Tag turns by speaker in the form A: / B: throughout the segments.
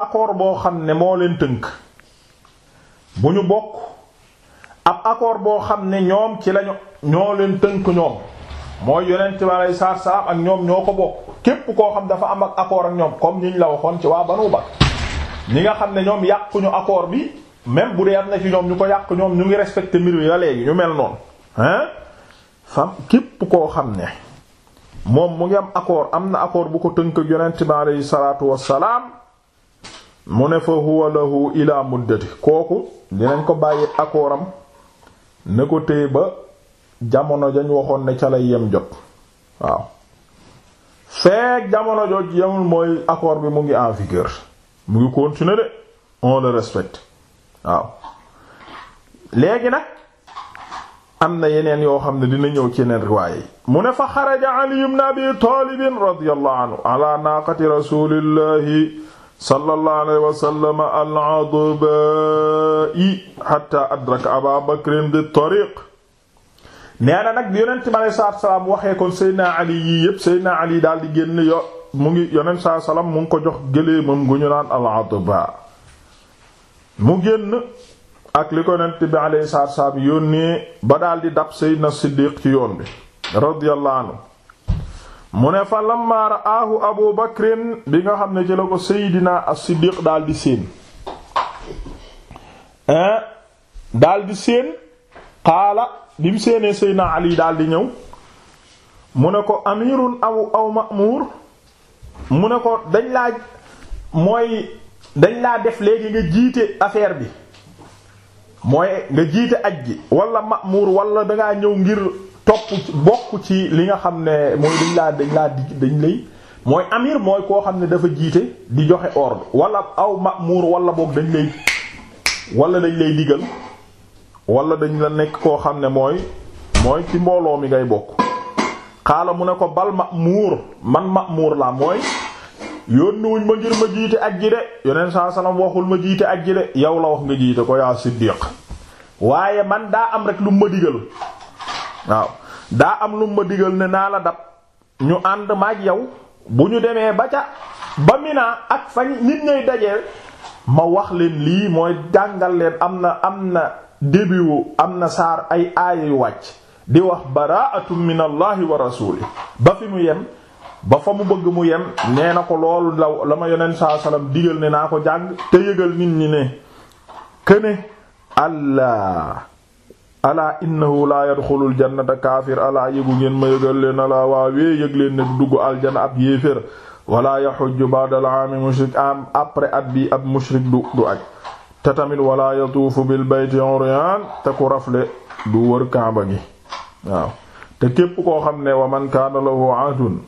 A: accord boo xam ne moo leen tënk bu ñu bokk ab accord boo xam ne ñoom ci lañu ñoo leen tënk ñoom mooy yonent bi aleyhi salaatu salaam ak ñoom ñoo ko bokk képp koo xam dafa am ak accord ak ñoom comme ñu la waxoon ci waa Banu Bakr ñi nga xam ne ñoom yàquñu accord bi même bu dee am na ci ñoom ñu ko yàq ñoom ñu ngi respecté mbir ya léegi ñu mel noonu hein fam képp koo xam ne moom mu ngi am am na accord bu ko tënk ak yonent bi aleyhi salaatu wassalaam mu ne fa huwa lahu ila muddati kooku dinañ ko bàyyi akooram na ko téye ba jamono jañ waxoon ne ca lay yem jot waaw feek jamono jot yemul mooy accord bi mu ngi en vigueur mu ngi continuer de le respecte waaw léegi nag am na yeneen yoo xam ne dina ñëw ci yeneen riwaaye yi mu ne fa xaraja Ali ibn Abi Talib radiyallahu anhu ala naqati sallallahu alayhi wa sallam al-adba'i hatta adraka Aba Bakrin di tariq nee na nag yonent bi alayhi salaatu wa salaam waxee kon Seydina Ali yii yëpp Seydina Ali daal di génn yo mu ngi yonent saa salaam mu ngi ko jox gëléemam gu ñu naan al-adba mu génn ak li ko yonent bi alayhi salaatu wa salaam yónnee ba daal di dab Seydina Siddiq ci yoon bi radiyallahu anhu mu ne fa lamma ra'aahu abu bakrin bi nga xam ne ci la ko seydina as-siddiq daldi séen eh, daldi séen qaala bi mu séenee seydina ali daldi ñëw mu ne ko amirun aw aw ma'muur mu ne ko dañ laa mooy dañ laa def léegi nga jiite affaire bi mooy nga jiite aj gi walla ma'muur walla dangaa ñëw ngir topp bokk ci li nga xam ne mooy dañ laa dañ laa dañ lay mooy amir mooy koo xam ne dafa jiite di joxe ordre wala aw muur wala boog dañ lay wala dañ lay digal wala dañ la nekk koo xam ne mooy mooy ci mbooloo mi ngay bokk xaala mu ne ko bal ma'mur man muur la mooy yónnuwuñ ma ngir ma jiite ak ji de yoneen saa waxul ma jiite ak ji de yow la wax nga jiite ko yaa siddiq waaye man daa am rek lu ma digal waaw daa am lu ma digal ne naa la dab ñu ànd maag yow bu ñu demee ba ca ba Mina ak fa nit ñay dajee ma wax leen lii mooy jàngal leen am na am na début am na saar ay aaya wàcc di wax baraatum min allahi wa rasuli ba fi mu yem ba fa mu bëgg mu yem nee na ko loolu la la ma yonent saa salaam digal ne naa ko jàng te yëgal nit ñi ne këne allah alaa innahu laa yadxulul jannata kaafir alaa yëgu ngeen ma yëgal leen alaa waawee yëg leen ne dugg aljana ab yéefér wala yaxujju ba'dal aami mushrik am après at bi ab mushrik du du aj te tamit wala yatuufu bil bayti uryan te ku rafle du wër kaaba gi waaw te képp koo xam ne wa man kaana lahu ahdun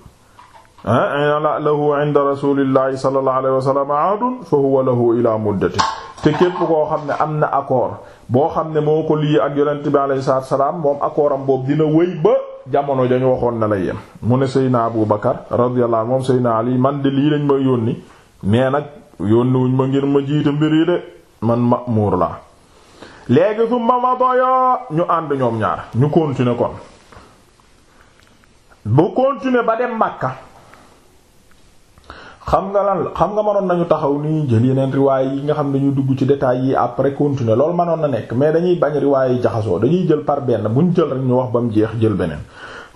A: ah lahu inda rasulillahi sallallahu alayhi wa sallam ahdun fa huwa lahu ila muddati te képp koo xam ne am na accord boo xam ne moo ko lii ak yonent bi alayhi salaam moom akooram boobu dina wëy ba jamono dañu waxoon ne la yem mu ne Seydina Abu Bakar radiyallahu anhu moom Seydina Ali man de lii lañ ma yónni mais nag yónni ma ngir ma jiite mbir yi de man ma'muur laa léegi su ma ma ñu ànd ñoom ñaar ñu continuer kon bu continuer ba dem Makka xam nga lan xam nga mënoon nañu taxaw ni jël yeneen riwaay yi nga xam ne dañuy dugg ci détails yi après continuer loolu manoon na nekk mais dañuy bañ riwaay yi jaxasoo dañuy jël par benn ñu jël rek ñu wax ba mu jeex jël beneen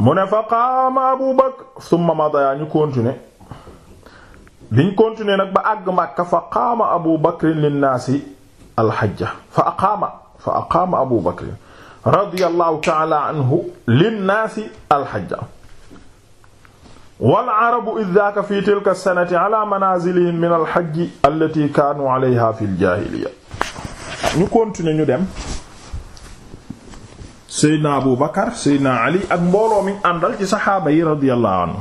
A: mu ne fa qaama Abu Bakr summa madaya ñu continuer liñ continuer nag ba àgg Makka fa qaama Abu Bakr linnaasi alxajja fa aqaama fa aqaama Abu Bakr radiyallahu ta'ala anhu linnaasi alxajja wal arabu id daaka fi tilka as-sanati ala min al-hajj kaanu alayha fi al ñu continuer ñu dem seydna abu bakar seydna ali ak mbooloo mi àndal ci saxaaba yi radiyallahu anhu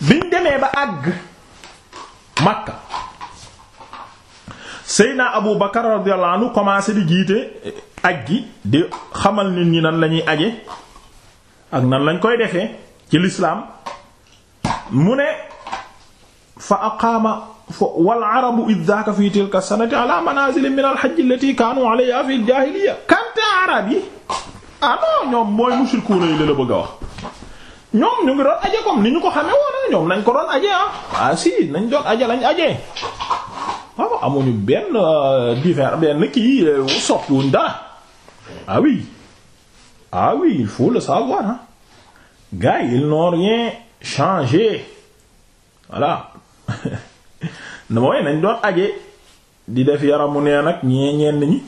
A: biñ demee ba àgg makka seydna abu bakar radiyallahu anhu commencé di jiite aj gi di xamal nit ñi nan lañuy aje ak nan lañ koy defee ci lislaam mu ne fa wa wal arabu id daaka fi tilka sanati ala manazil min al hajj allati kaanu alayha fi al jahiliya kanta arab yi ah ñoom mooy mushrikuuna yi la la bëgg a ñoom ñu ngi doon aje comme ni ñu ko xamee woon ah, ñoom nañ ko doon aje ah ah nañ doon aje lañ aje waaw ah, amuñu benn euh, divers benn kii euh, soppiwuñ dara ah oui ah oui il faut le savoir ah gars yi rien changer voilà mooy nañ doon aje di def yaramu nee nag ñee ñenn ñi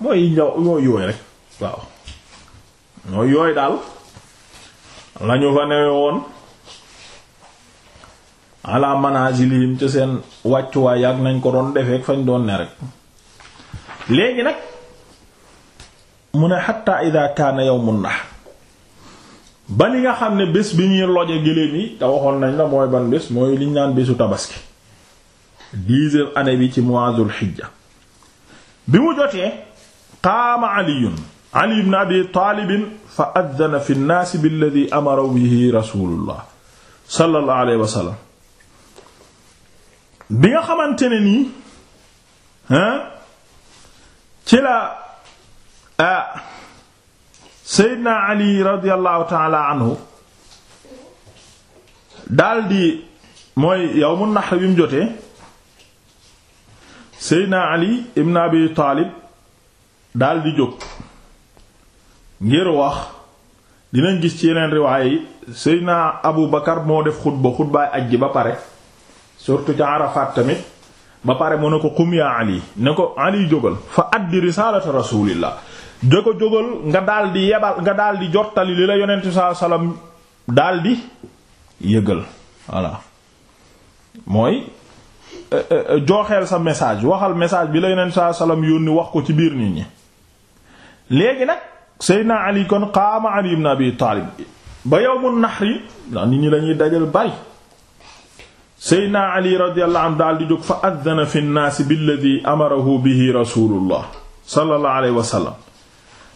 A: mooy ñaw mooy yooy rek waaw mooy yooy daal lañu fa newe woon ala manazilihim ca seen wàccuwaay ak nañ ko doon defeek fañ doon ne rek léegi nag mu ne hatta idha kana yawmun nahr ba ni nga xam ne bés bi ñuy loje géléem yi te waxoon nañ la mooy ban bés mooy liñ naan bésu tabaski dixième année bi ci mois dul xijja bi mu jotee qaama aliyun ali ibn abi taalibin fa addana fi nnaasi billadi amara bihi rasulullah sallallahu alayhi bi nga xamante ne nii hein ah, ci la ah, seydna ali radiallahu taala anhu daldi mooy yawmu nahr bi mu jotee seydna ali ibn abi taalib daldi jóg ngir wax dinañ gis ci yeneen riwaay yi seydna abu bakar moo def xutba xutbaay aj ji ba pare surtout ca Arafat tamit ba pare mu ne ko qum yaa ali ne ko ali jógal fa addi risaalata rasulillah jóga jógal nga daal yebal nga daal di jottali li la yonent saa salaam daldi yëgal voilà mooy e, e, e, jooxeel sa message waxal message bi la yonent saa salaam yónni wax ko ci biir nit ñi léegi nag Seydina Ali kon qaama Ali ibn Abi Taalib ba yawmun nahri ndax nit ñi lañuy dajal bari Seydina Ali radiyallahu anhu daal di jóg fa addana fi nnaasi billadi amarahu bihi rasulullah sallallahu alayhi wa sallam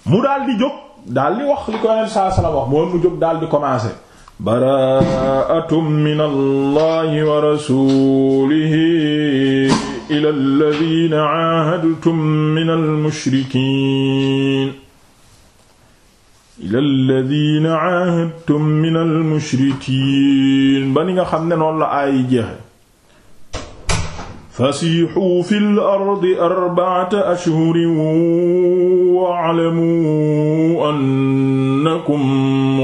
A: mu daal di jóg daal di wax li ko yonent saa salaam wax mooy mu jóg daal di commencer bara'atun min allahi wa rasulihi ila alladhina ahadtum min al-mushrikin ba ni nga xam ne noonu la ay jeexe fasiixu fi ardi arbacata ashhurin waclamuu annakum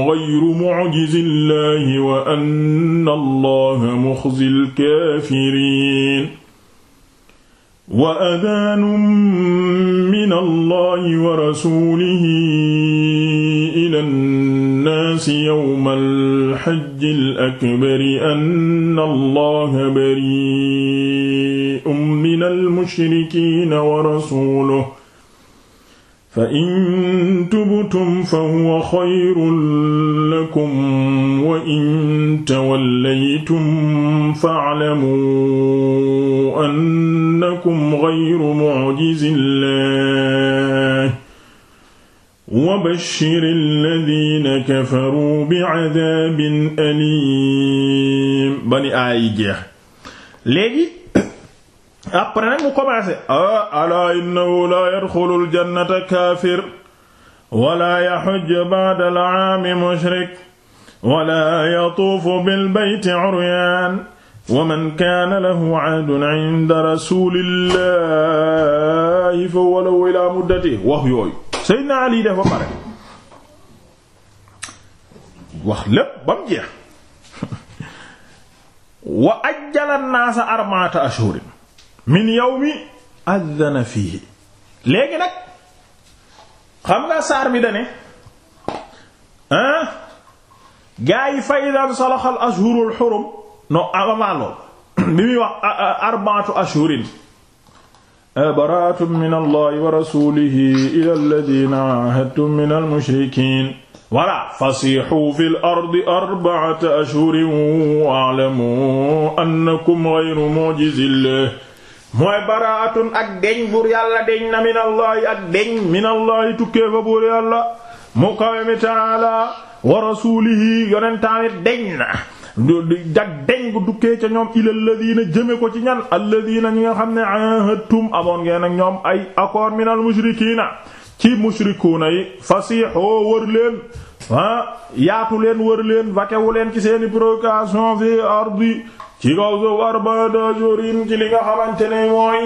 A: gayru mucjizi llaahi wa anna llaaha muxzi lkaafiriin wa adaanun min allaahi wa rasuulihi ila nnaasi yawma alxajji alakbari anna llaaha bari المشركين ورسوله فإن تبتم فهو خير لكم وإن توليتم فاعلموا أنكم غير معجز الله وبشر الذين كفروا بعذاب أليم. ba ni aay jeex léegi après nag mu commencé a alaa innahu laa yadxulul jannata kaafir wala yaxujju ba'da al-aami mushrik wala yatuufu bil-bayti uryaan wa man kaana lahu ahdun inda rasuulillaahi fa huwa lahu ilaa muddatihi wax yooyu Seydina Ali def ba pare wax lépp ba mu jeex wa ajjala naasa arba'ata ashhurin min yawmi adana fihi léegi nag xam nga saar bi dane ah gaa yi fa idaa salaxa al ashhurul xurum non avant lool bi muy wax arba'atu ashhurin baraatum min allahi wa rasulihi ila alladhina ahadtum min al mushrikin wala fasihu fi l ardi arba'ata ashhurin wa'lamu annakum ghayru mu'jizillahi mooy baraatun ak deñ buur yàlla deñ na minallaahi ak deñ minallaahi tukkee fa buur yàlla mu kawe mi taala wa rasuulihi yonentaamit deñ na jag deñ gu dukkee ca ñoom ilal ladina jëme ko ci ñan alladina ñi nga xam ne ahadtum amoon ngeen ak ñoom ay accord minal mushrikiina ci mushrikuuna yi fasiixoo wër leen yaatu leen wër leen vakewu leen ci seeni provocation fi ardi ci kaw suuf arbaata ci li nga xamante ne mooy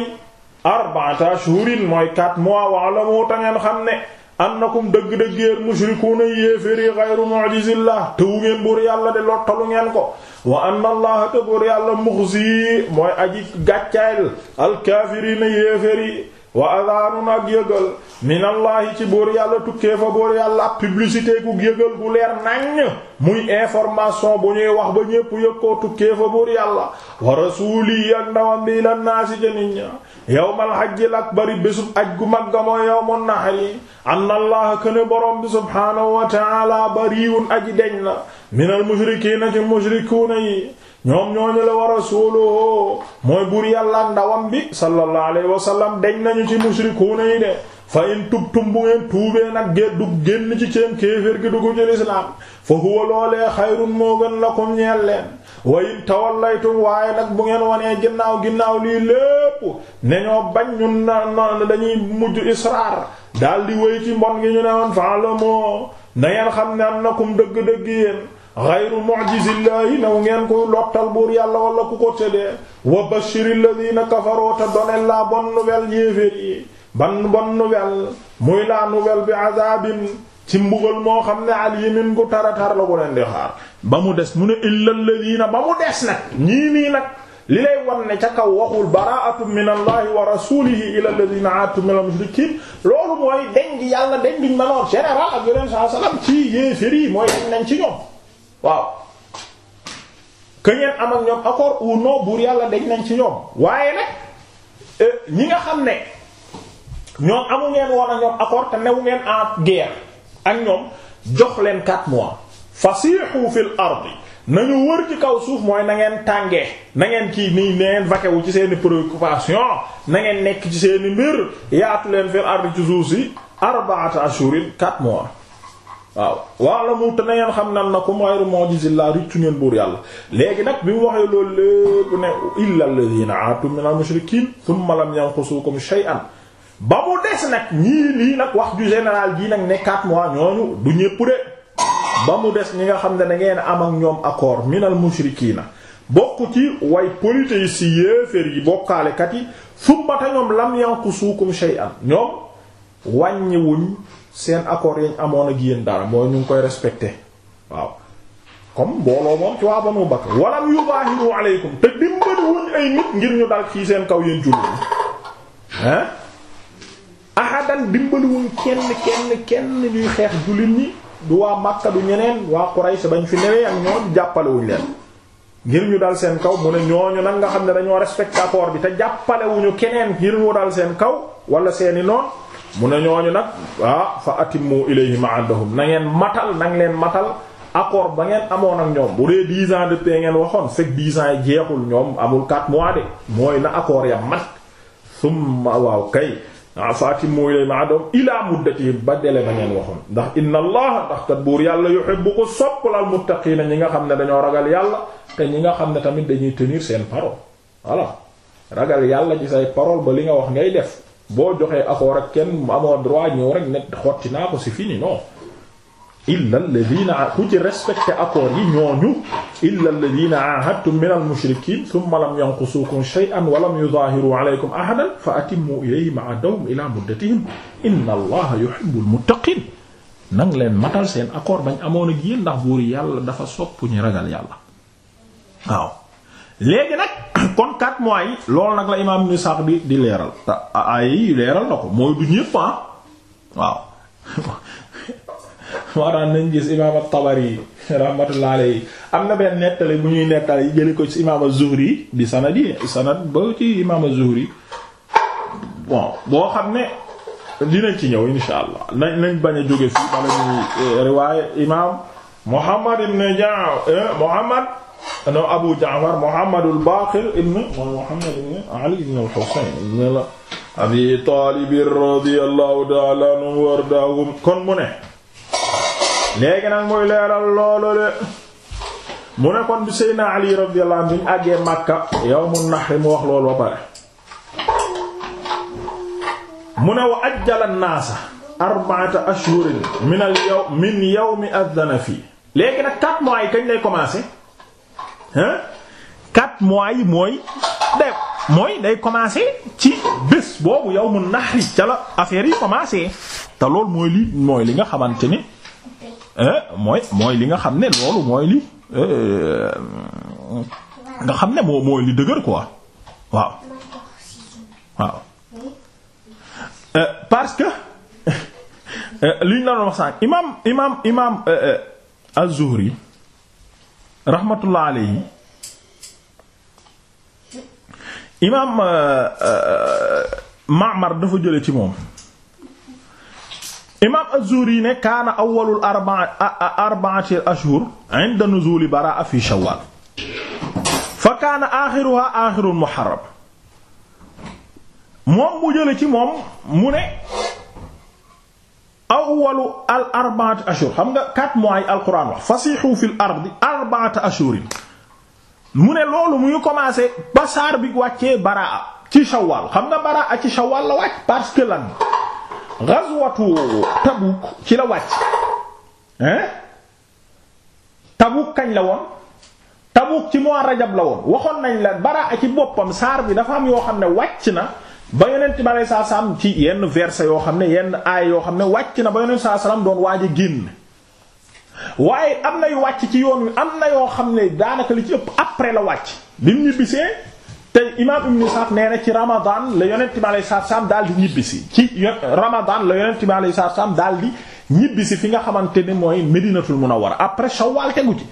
A: arbaata ashhurin mooy quatre mois wax la moo ta ngeen xam ne annakum dëgg-dëgg yéen mushrikuuna yéeféri xayru mu'jizillah tëwu ngeen buur yàlla de lottalu ngeen ko wa anna allaha te buur yàlla muxzi mooy aji gàccaayl alkaafiriina yéeféri wa adaanun ak yëgal minallahi ci buur yàlla tukkee fa buur yàlla ab publicité ku yëgal bu leer naññ muy information bu ñuy wax ba ñépp yëkkoo koo tukkee fa buur yàlla wa rasuuli ak ndawam bi la naasi ca nit ña yawmal hajjil akbari bésub aj gu mag ga mooy yawmun nahri anna allaha këne borom bi subhaanahu wa ta'ala bariwun aji deñ na minal mushrikiina ci mushrikuuna yi ñoom ñooñu la war a sóoloo mooy buur yàlla ndawam bi sallallahu alayhi wa sallam deñ nañu ci mushrikuuna yi de fa in tubtum bu ngeen tuubee nag gé du génn ci seen kéeféer gi dugg ci lislaam fa huwa loolee xayrun moo gën lakum ñeel leen wa in tawallaytum waaye nag bu ngeen wonee ginnaaw ginnaaw lii lépp ne ñoo bañ ñun na na dañuy mujj israar daal di wéy ci mbon ngi ñu ne woon faala moo na ngeen xam ne am na kum dëgg-dëgg yéen ghayru mu'jizillahi naw ngeen koy lottal buur yàlla wala ku ko tëddee wa bashiril ladina kafaroo te donel la bonne nouvelle yéeféer yi ban bonne nouvelle muy la nouvelle bi azabin ci mbugal moo xam ne alimin gu taratar la ko leen di xaar ba mu des mu ne illal ladina ba mu des nag ñii nii nag li lay wan ne ca kaw waxul bara'atu min allahi wa rasulihi ila alladhina aatu min al mushrikiin loolu mooy deñ gi yàlla deñ biñ manoon général ak yeneen saa salaam ci yéeféer yi mooy dañ nañ ci ñoom waaw que ngeen am ak ñoom accord ou buur yàlla dañ nañ ci ñoom waaye nag e, ñi nga xam ne ñoom amu ngeen woon ak ñoom accord te newu ngeen en guerre ak ñoom jox leen 4 mois fasihu fil ardi nañu wër ci kaw suuf mooy na ngeen tàngee na ngeen kii nii na ngeen wu ci seeni préoccupation na ngeen nekk ci seeni mbir yaatu leen fil ardi ci suuf si arba'ata ashurin 4 mois waaw wa'lamu te na ngeen xam ne annakum ghayru mu'jizillah rëccu ngeen buur yàlla léegi nag bi mu waxee loolu lépp ne illa alladhina atum minal mushrikin thumma lam yanqusukum shay'an ba mu des nag ñii lii nag wax ju général jii nag nekkaat mois ñooñu du ñépp de ba mu des ñi nga xam ne da ngeen am ak ñoom accord minal mushrikina bokk ci way polythéistes yi yéeféer yi bokkaalekat yi thumma te ñoom lam yanqusukum shay'an ñoom wàññiwuñ seen accord yañ amoon a yéen dara moo ñu ngi koy respecté waaw comme mbooloo moom ci waa Banu Bakr walam yubaahiru aleykum te dimbali ay nit ngir ñu dal ci seen kaw yéen jullit hein ahadan dimbali wuñ kenn ñuy xeex jullit ñi du waa Makka du ñeneen waa Quraysh bañ fi newee ak ñoom jàppale leen ngir ñu dal seen kaw mu ne ñooñu nag nga xam ne dañoo respecté accord bi te jàppale wuñu keneen ngir ñu dal seen kaw wala seeni noon mu ne ñooñu nag ah fa atimmu ilayhim ahdahum na ngeen matal na leen matal accord ba ngeen amoon ak ñoom bu dee dix ans ngeen waxoon fekk dix ans yi jeexul ñoom amul quatre mois de mooy na accord ya mat summa waaw kay ah, fa atimmu ilayhim ahdahum ilaa muddatihim ba délai ba ngeen waxoon ndax inna allaha ndax kat buur yàlla bu ko soppal al muttaqiina ñi nga xam ne dañoo ragal yàlla te ñi nga xam ne tamit dañuy tenir seen parole voilà ragal yàlla ci say ba li nga wax ngay def boo joxee accord ak kenn mu amoo droit ñëw rek ne xotti naa ko si fini non illa alladhina ku ci respecté accords yi ñooñu illa alladhina ahadtum min al-mushrikin thumma lam yanqusukum shay'an wa lam yuzahiru alaykum ahadan fa atimmu ilayhim ahdahum ila muddatihim inna allaha yuhibbul muttaqin nang leen matal seen accord bañ amoon ak yéen ndax buur yàlla dafa soppu ñu ragal yàlla léegi nag kon kat mois yi loolu nag la imaam ni sax di di leeral te ay leeral na ko mooy du ñépp ah waaw maanaam nañ gis imaam at-Tabari rahmatullahi alayhi am na benn nettali bu ñuy nettali jële ko ci imaam az-Zuhri di sanad yi sanad ba ci imaam zuhri bon boo xam ne dinañ ci ñëw insha allah nañ nañ bañ a jóge fii bala ñuy eh, riwaaya imaam Muhammad ibn Ja'far eh, Muhammad non Abu Ja'far Muhammad al-Baqir ibn Muhammad ibn Ali ibn al-Husayn ibn Abi Talib radiyallahu ta'ala anhu wardaahum kon mu ne léegi nag muy loolu le mu kon bi Seydina Ali radiyallahu anhu àggee Makka yawmun nahr wax loolu ba pare mu ne wa ajjala an-naasa min al-yawm min yawmi hein quatre mois yi mooy day mooy day commencer ci bés boobu yow mu naxari ca la affaire yi commencer te loolu mooy li mooy li nga xamante ni mooy mooy li nga xam ne mooy li euh, nga xam ne moo mooy li dëgër quoi waaw waaw euh, parce que euh, liñ la doon wax sànq imaam imaam imaam az rahmatullah alayhi imaam euh, euh, Ma'mar dafa jële ci moom imaam Az-Zuhri ne kaana awwalul arba'ati ashhur 'inda nuzuli bara'a fi shawwal fa kaana axiruha axirul muharram moom mu jële ci moom mu ne awwalu al arba'at ashhur xam nga 4 mois yi alquran wax fasihu fil ardi arba'at ashhurin mu ne loolu mu ngi commencé ba saar bi wàccee baraa ci shawwal xam nga baraa ci shawwal la wàcc parce que lan ghazwatu Tabuk ci la wàcc hein Tabuk kañ la woon Tabuk ci mois rajab la woon waxoon nañ la baraa ci boppam saar bi dafa am yoo xam ne wàcc na ba yonent bi aleyhi salaatu salaam ci yenn verset yoo xam ne yenn aay yoo xam ne wàcc na ba yonent bi salaatu doon waaja a génn waaye am na yu wàcc ci yoon wi am na yoo xam ne daanaka li ci ëpp après la wàcc bi mu ñibbisee te imaam Ibn Sa'd nee na ci Ramadan la yonent bi aleyhi salaatu salaam daal di ñibbisi ci Ramadan la yonent bi aleyhi salaatu salaam daal di ñibbisi fi nga xamante ni mooy Medinatul Munawwara après Shawwal tegu ci.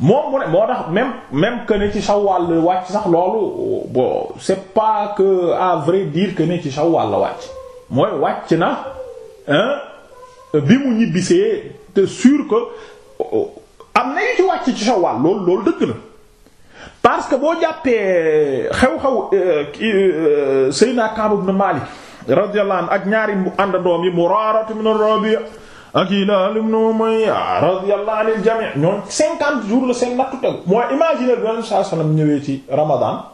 A: moom mu ne moo tax même même que ne ci Shawwal la wàcc sax loolu bon c'est pas que à vrai dire que ne ci Shawwal la wàcc mooy wàcc na bi mu ñibbisee te sûr que am na yu ci wàcc ci Shawwal loolu loolu dëgg la parce que boo jàppee xew-xew euh, euh, Seydina Kaab ibn Maalik radiyallahu anhu ak ñaari mu àndandoom yi Muraara ibn Rabi' ak Hilaal ibn Umayya radiyallahu anil jami' ñoom cinquante jours la seen nattu tegu mooy imaginer bi Yonent sallallahu alayhi ñëwee ci Ramadan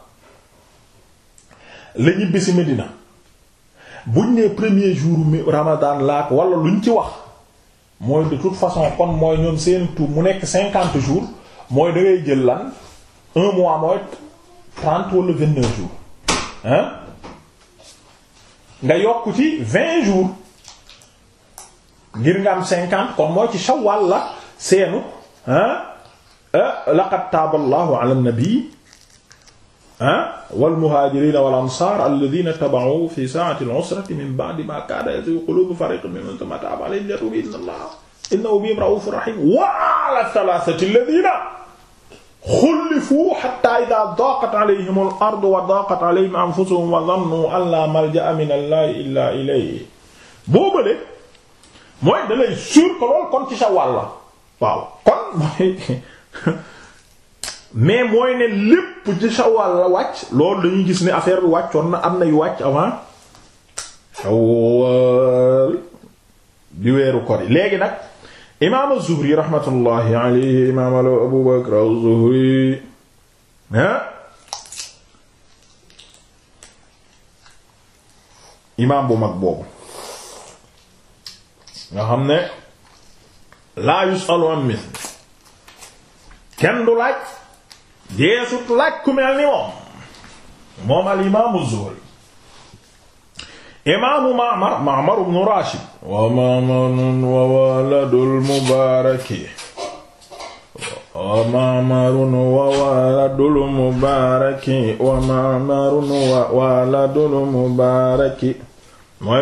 A: la ñibbi si Medina buñ nee premier jour Ramadan laak wala luñ ci wax mooy de toute façon kon mooy ñoom seen tour mu nekk cinquante jours mooy da ngay jël lan un mois mooy trente wala vingt nga yokk ci vingt jour ngir nga am cinquante kon mooy ci shawwal la seenu ah, ah laqad taaba allahu ala nabi ah wal muhaajiriina wal ansaar alladhiina taba'uu fi saa'ati al-'usrati min ba'di maa kaada yaziighu quluubu fariiqin minhum thumma taaba 'alayhim liyatuubu inna allaha innahu bihim ra'uufun rahiim wa 'ala ath-thalaathati alladhiina xullifuu hattaa idhaa daaqat 'alayhim al-ardu wa daaqat 'alayhim anfusuhum wa dhannuu an laa malja'a min allahi illaa ilayhi mooy da lay sûr lool kon ci Shawwal kon mooy mooy ne lépp ci Shawwal la wàcc loolu dañuy gis ne affaire bi wàccoon na am na yu wàcc avant Shawwal di weeru kor yi léegi nag imaam az-Zuhri rahmatullahi alayhi imaam Abu Bakr az-Zuhri ha ah, imaam bu mag nga xam ne laa am misl kenn du laaj deesut laaj ku mel ni moom moom al imaamu Zuhri imaamu Ma'mar Ma'mar ibn Rashid wa Ma'marun wa waladul Mubaraki wa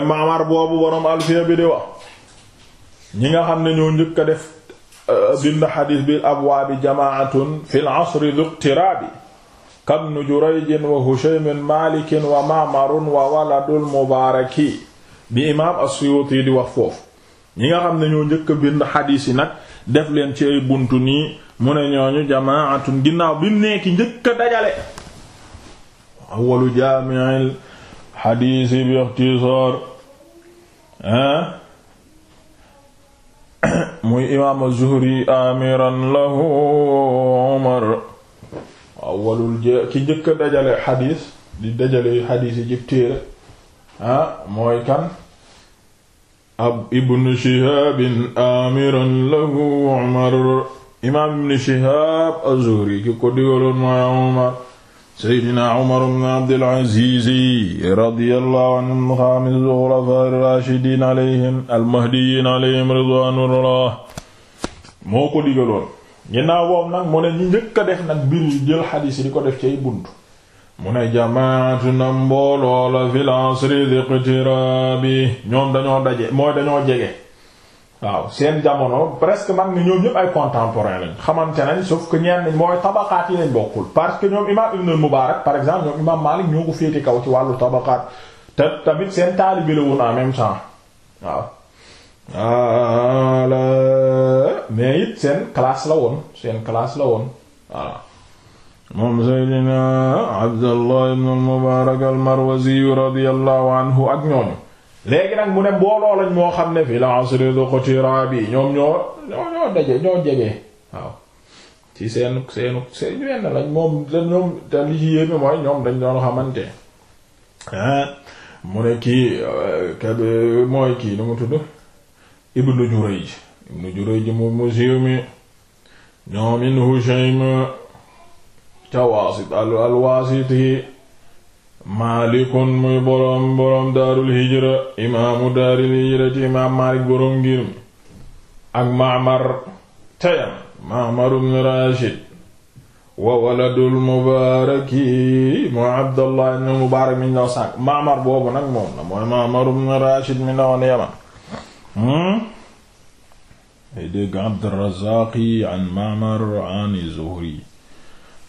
A: Ma'marun wa boobu borom alfiya bi di wax ñi nga xam ne ñoo njëkk def euh, bind xadiis bi abwaabi jamaatun fi l asri duqtiraabi kabnu jurayjin wa hushaymin maalikin wa maamarun wa waladul mubaaraki bi imaam as-suyuuti di wax foofu ñi nga xam ne ñoo njëkk a bind xadiis yi nag def leen ci ay buntu nii mu ne ñooñu jamaatun ginnaaw bi njëkk a dajale awwalu jaami'il xadiisi bi ixtisaar ah muy imaam az-Zuhri amiran lahu Umar awwalul je ki njëkk dajale xadiis di dajale xadiis yi jib téere ah mooy kan ab ibnu Shihaab amiran lahu Umar imaam ibnu Shihaab az-Zuhri ki ko digaloon mooy Umar seydina umar bnu abdil azizi radiyallahu anhu xaamis xulafaa rashidin alayhim almahdiyin alayhim ridwanullah moo ko digaloon ginnaaw boobu nag mu ne ñu njëkk a def nag mbir yu jël xadiis yi di ko def cay bunt mu ne jamaatu na mbooloo la fil asri di iqtiraabi ñoom dañoo daje mooy dañoo jege waaw seen jamono presque man ni ñoom ñëpp ay contemporain lañ xamante nañ sauf que ñenn mooy tabaqaat yi lañ bokkul parce que ñoom imam Ibn Mubarak par exemple ñoom imam Malik ñoo ko féete kaw ci wàllu tabaqaat te tamit seen taalibe la woon en même temps waaw ala mais it seen classe la woon seen classe la woon voilà moom Seydina Abdallah ibn al-Mubarak al-Marwazi radiyallahu ak ñoom léegi nag mu ne booloo lañ moo xam ne fi la asri duqtira bi ñoom ñoo ñoo ñoo daje ñoo jege waaw ci seenu seenu seen wenn lañ moom la ñoom te li ci yéeme mooy ñoom dañ doon xamante ah, mu ne kii euh, kab mooy kii nu mu tudd ibnu Jurayj ibnu Jurayj mu musiw mi ñoom in Hushaym ca waasit al al waasit yi maalikun muy boroom boroom daarul hijra imaamu daaril hijra ci imaam maalik boroom ngir mi ak maamar tayam maamar ibn rashid wa waladul mubaaraki mu abdallah ibn mubaarak mi ndaw sànk maamar boobu nag moom na mooy maamar ibn rashid mi ndawoon yaman hmm? ay dégg abdurazaqi an maamar an zuhri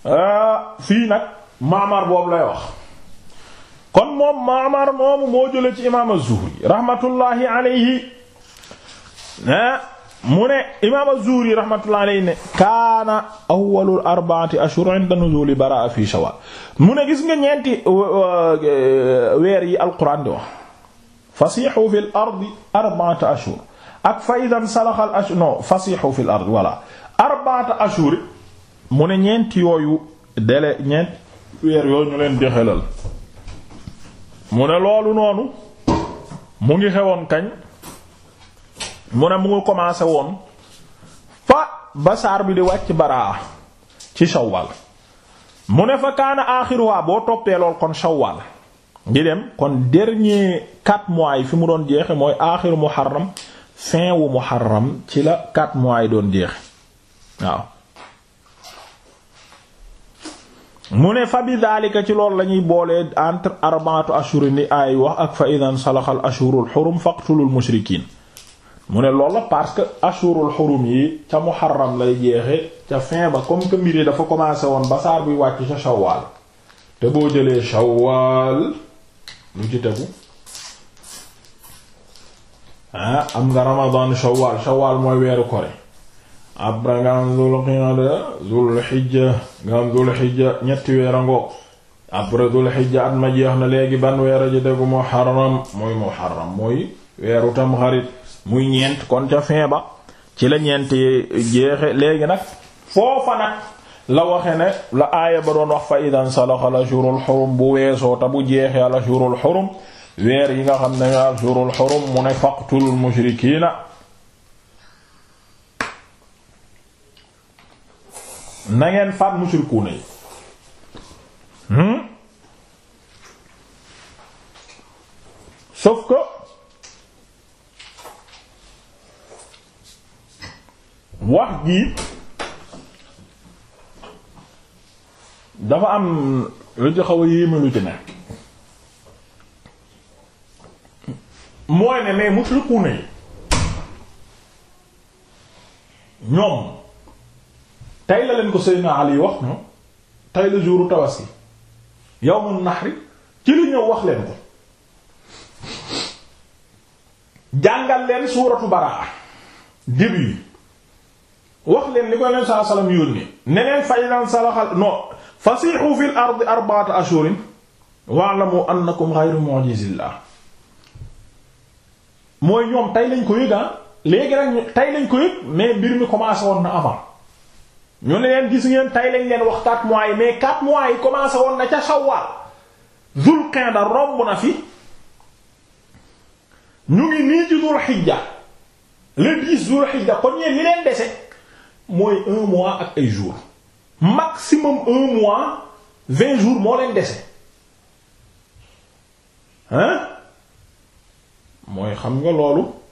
A: ah, fii nag maamar boobu lay wax kon moom Ma'mar moomu moo jëlee ci imaam az-Zuhri rahmatullahi alayhi ah mu ne imaam az-Zuhri rahmatullahi alayhi ne kaana awwalul arba'ati ashhur 'inda baraa fi Shawwal mu ne gis nga ñeenti uh, uh, weer yi alquran di wax fasihu fil ardi arba'ata ashhur ak fa idan salaxa al ashhur non fasihu fil ardi wala arba'ata mu ne ñeenti yooyu dele ñeent weer yooyu ñu leen di xelal mu ne loolu noonu mu ngi xewoon kañ mu ne mu ngi commencé woon fa basaar saar bi di wàcc baraa ci shawwal mu ne fa kaana aaxiruwaa boo toppee lool kon shawwal ngi dem kon dernier quatre mois yi fi mu doon jeexe mooy aaxiru muharram fin wu muharram ci la quatre mois yi doon jeexe waaw mu ne fa bi daalika ci loolu lañuy boolee entre arbaatu ashuri ni ay wax ak fa idan salaxal ashurul xurum faqtulul mushrikiin mu ne loolu la parce que ashurul xurum yi ca muharram lay jeexe ca fin ba comme que mbir dafa commencé woon ba saar buy wàcc ca shawaal te boo jëlee shawaal lu ci tegu ah am nga ramadan shawaal shawaal mooy weeru kore abra nga am zul qiyada zul xijja zul xijja ñetti weer ango abra zul at ma jeex na léegi ban weer a ji degu muharram muy muharram muy weeru tam xarit muy ñeent kon ca fin ba ci la ñeent jeexe léegi nag foofa nag la waxe ne la aaya ba doon wax fa idan salaxa al ashurul bu weesoo ta bu jeexe al ashurul xurum weer yi nga xam ne al ashurul xurum mu ne faqtulul mushrikiina nangeen ngeen musul mushrikuuna yi hmm? sauf que wax gi dafa am lu ci xaw a yéeme lu ci ne mooy ne mais mushrikuuna yi ñoom tey la leen ko Seydina Ali wax ñu tey la jouru tabaski yawmun nahri ci li ñëw wax leen ko jàngal leen suuratu baraa début wax leen li koy leen saa salaam yónni ne fay lan salaxal non fasiixu fil ardi arba'ata ashhurin wa'lamu annakum ghayru mu'jizillah mooy ñoom tey lañ ko ah, léegi nag tey ko mais mbir mi commencé woon na avant ñu ne leen gis ngeen tey lañ leen wax 4 mois yi mais 4 mois yi commencé woon na ca Shawwal Zul Qa'da romb na fi ñu ngi nii ci Zul Hijja le 10 Zul kon yéen li leen dese mooy un mois ak ay jours maximum un mois 20 jours moo leen dese hein mooy xam nga loolu.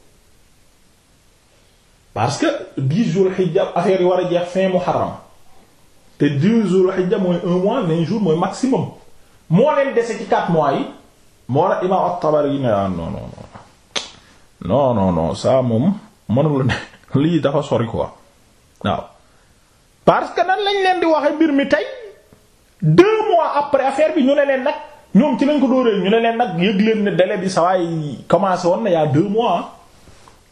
A: parce que dix jour xijja affaire yi war a jeex fin muharram te dix jours xijja mooy un mois vingt jours mooy maximum moo leen dese ci quatre mois yi moo la imam at-Tabari yi ne ah non non non non moom mënul ne lii dafa sori quoi waaw parce que nan lañ leen di waxe mbir mi tey deux mois après affaire bi ñu ne leen nag ñoom ci lañ ko dóoree ñu ne leen nag yëg leen ne délai bi sawaay commencé woon na y'a deux mois ah.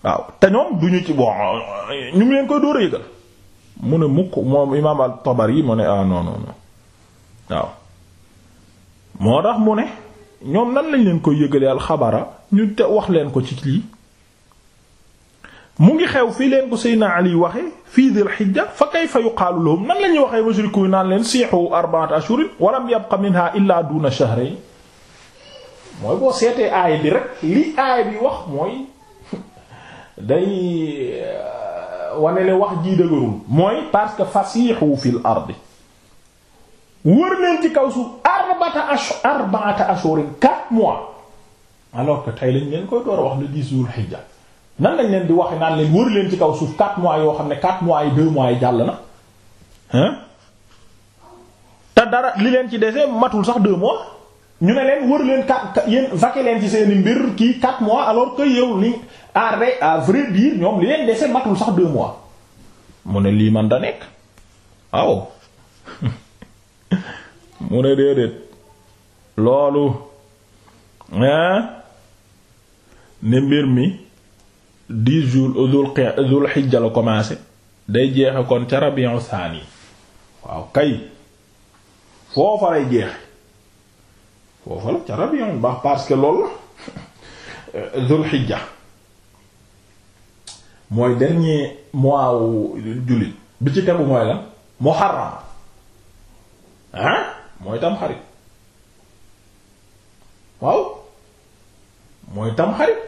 A: waaw te ñoom du ñu ci bon ñu ngi leen koy dóor a yëgal mu ne mukk moom imaam al yi moo ne ah non non non waaw moo tax mu ne ñoom nan lañ leen koy yëgalee alxabara ñu te wax leen ko ci lii mu ngi xew fii leen ko Seydina Ali waxee fii dil xijja fa kayfa yuqaalu lahum nan la ñuy waxee mushrikuun naan leen siixu arba'ata ashhurin wa lam yabqa minha illa duuna shahrayn mooy boo seetee aay bi rek li aay bi wax mooy day euh, wane ne wax jii dëgërul mooy parce que fasiixu fil ardi wër leen ci kaw suuf arbata ash arbaata ashhurin quatre mois alors que tey lañ leen koy door a wax le dix Dhoul Hidja nan lañ leen di waxe naan leen wër leen ci kaw suuf quatre mois yoo xam ne quatre mois yi deux mois yi jàll na hein te dara li leen ci dese matul sax deux mois ñu ne leen wër leen quatre yéen vaqué leen ci seeni mbir kii quatre mois alors que yow li à vrai à ñoom li leen dese matul sax deux mois mu ne lii man da nekk waaw mu ne déedéet loolu ne mbir mi dix jours zul zul xijja la commencé day jeexe kon ca rabiu saani waaw kay foofa lay jeexe foofa la ca rabiu baax parce que lool la zul xijja mooy dernier mois wu jullit bi ci tegu mooy lan muharram ah mooy tamxarit waaw mooy tamxarit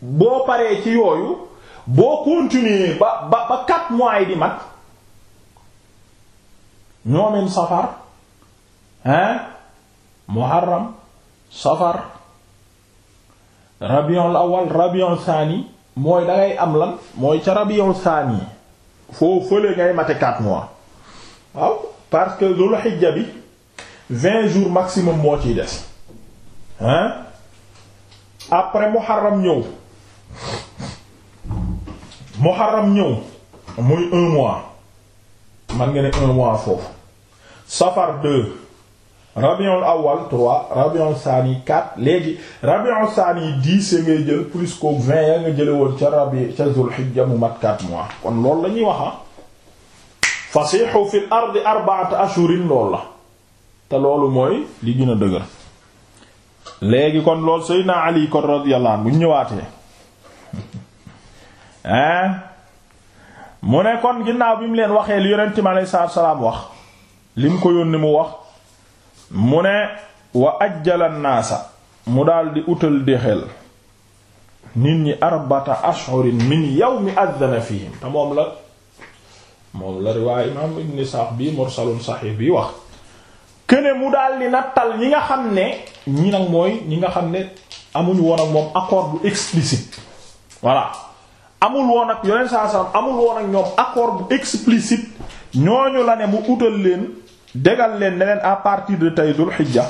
A: boo paree ci yooyu boo continuer ba ba ba mois yi di mat ñoomen safar hein muharram safar rabiul awal rabiul thani mooy dangay am lan mooy ca rabiul saani foo fële ngay mate 4 mois waaw parce que zul xijja bi 20 jours maximum moo ciy des hein après muharram ñëw muharram ñëw muy un mois man nga ne un mois foofu safar deux rabiul awal 3 rabiul saani léegi rabiul saani 10 ya ngay jël plus ko 20 ya nga jële woon ca rabi ca zulhijja mu mat 4 mois kon loolu la ñuy waxa ah. fasihu fil ardi arba'ata ashhurin loolu la te loolu mooy li gën a dëgër léegi kon loolu Seydina Ali kon radiyallahu anhu bu ñëwaatee hein mu ne kon ginnaaw bi mu leen waxee li yonent mi alayhi salaam wax li mu ko yónni mu wax mu ne wa ajjala naasa mu daldi utal di nit ñi arbata ashhurin yow mi addana fihim te moom la moom la riwaay imaam ibn Isaaq bi mursalun saxiix bi wax kene mu daldi tal ñi nga xam ne ñi nag mooy ñi nga xam ne amuñu woon ak moom accord bu explicite voilà amul woon ak yoneen saa saa amul woon ak ñoom accord bu explicite ñooñu la ne mu utal leen dégal leen ne leen à partir de tey dul xijja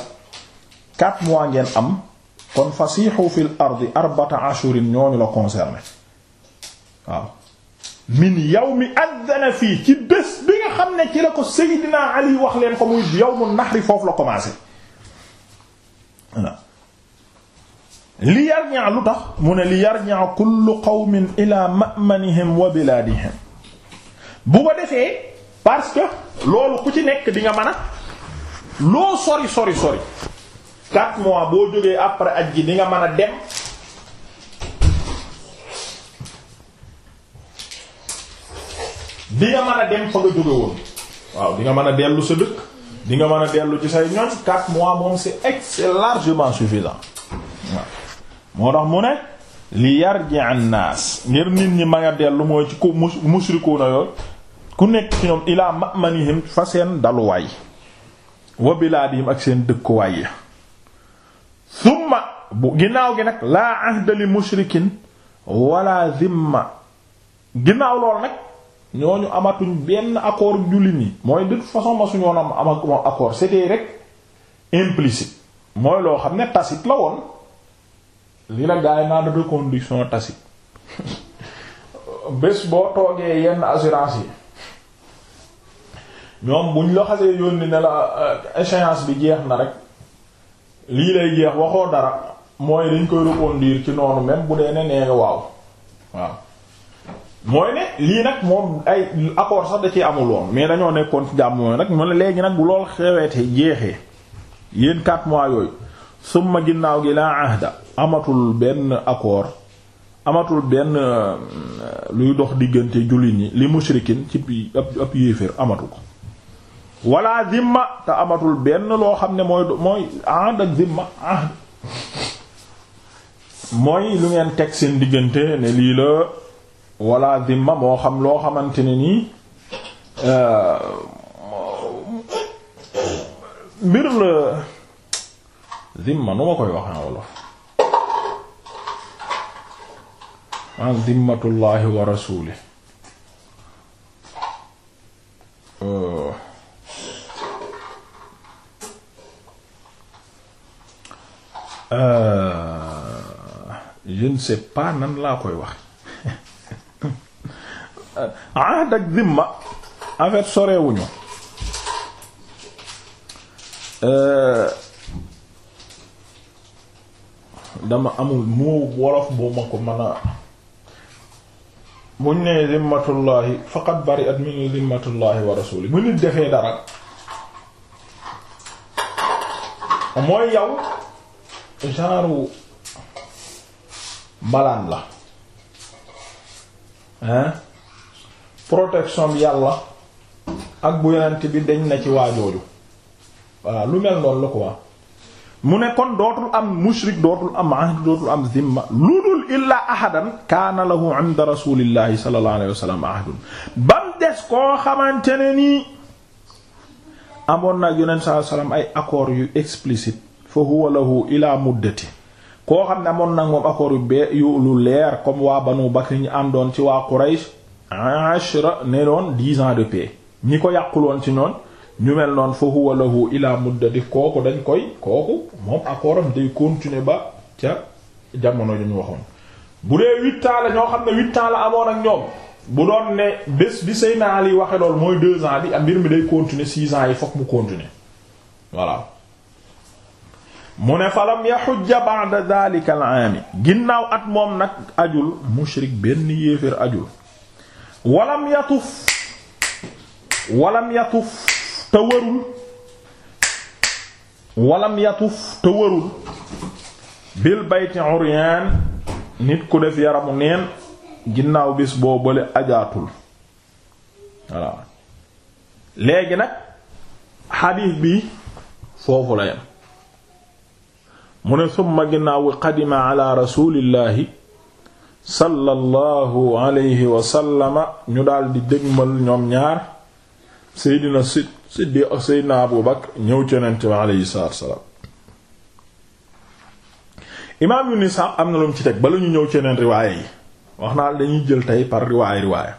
A: quatre mois ngeen am kon fasiixu fil ardi arbata ashurin ñooñu la concerné waaw min yawmi addana fii ci bés bi nga xam ne ci la ko Seydina Ali wax leen ko muy yawmu nahri foofu la commencé li yarñaa lu tax mu ne li yarñaa kullu qawmin ila ma'manihim wa bilaadihim bu ko defee parce que loolu ku ci nekk di nga mën a loo sori sori sori quatre mois boo jógee après aj ji di nga mën a dem bi nga mën a dem fa nga jóge woon waaw di nga mën a dellu sa dëkk di nga mën a dellu ci say ñoñ quatre mois moom si ex largement suffisant waaw moo tax mu ne li yarji an naas ngir nit ñi ma nga dellu mooy ci ko musrikuuna yooyu ku nekk ci ñoom ilaa ma'manihim fa seen daluwaay wa bilaadihim ak seen dëkkuwaay yi summa bu ginnaaw gi nag laa ahda li mushrikin zimma ginnaaw lool nag ñooñu amatuñ benn accord julli nii mooy de toute façon ma suñoon am am accord c'était rek implicite mooy loo xam ne tacite la woon li la gaay naa de condition tacite bés boo toogee yenn assurance yi ñoom buñ la xasee yónni ne la euh, échéance bi jeex na rek lii lay jeex waxoo dara mooy dañ koy reconduire ci noonu même bu dee ne nee waaw waaw mooy ne lii nag moom ay accord sax da ci amul mais dañoo nekkoon ci jàmm mooy nag mu ne léegi nag bu lool xeweete jeexee yéen quatre mois yooyu summa ginnaaw gi laa ahda amatul benn accord amatul benn euh, luy dox diggante jullit ñi li mushrikin ci ab ab yéeféer amatu ko wala zimma te amatul benn loo xam ne mooy mooy ahd ak zimma mooy lu ngeen teg seen diggante ne lii la wala zimma moo xam loo xamante ne nii euh, mbir la zimma nu ma koy wax en wolof an ah, zimmatullahi wa rasulih euh, Euh, je ne sais nan laa koy wax ahd ak zimma en sorewuñu euh, dama amul moo wolof boo ma ko mën a muñ nee zimmatullahi faqad bari at minu zimmatullahi wa rasuli mu nit defee dara mooy yow genre mbalaan la hein protection bi yàlla ak bu yonent bi deñ na ci waajooju waaw lu mel noonu la quoi mu ne kon dootul am mushrik dootul am ahd dootul am zimma lu dul illaa ahadan kaana lahu inda rasulillahi sallallahu alayhi wa des koo xamante ne nii amoon nag yonent sallallahu ay accords yu explicite fa huwa lahu ilaa muddati koo xam ne amoon nag moom accord yu bee yu lu leer comme waa ba banu bakr ñu àndoon ci waa Quraysh ashra ne doon dix ans de ñi ko yàquloon ci ñoon ñu mel noon fa huwa lahu ilaa muddati kooku dañ koy kooku moom accord am day continuer ba ca jamono ju ñu waxoon bu dee huit ans ñoo xam ne huit ans la amoon ak ñoom bu doon ne bés bi Seydina Ali waxe lool mooy deux ans bi mbir mi day continuer six yi fokk mu continuer voilà mu ne falam yaxujja ba'da dhalika al-aami ginnaaw at moom nag ajul mushrik benn yéeféer ajul walam yatuf walam yatuf te walam yatuf te bil bayti uryaan nit ku def yaramu neen ginnaaw bis boo bale ajaatul voilà léegi nag xadiis bi foofu la yam mu ne summa ginnaaw qadima ala rasulillahi sallallahu alayhi wa sallama ñu daldi dégmal ñoom ñaar seydina siddiq seydina abu bakr ñëw cenent bi alayhi salaatu wassalaam imaam yu nisaab am na lu mu ci teg bala ñu ñëw ceneen riwaaya yi wax naa dañuy jël tey par riwaaya riwaaya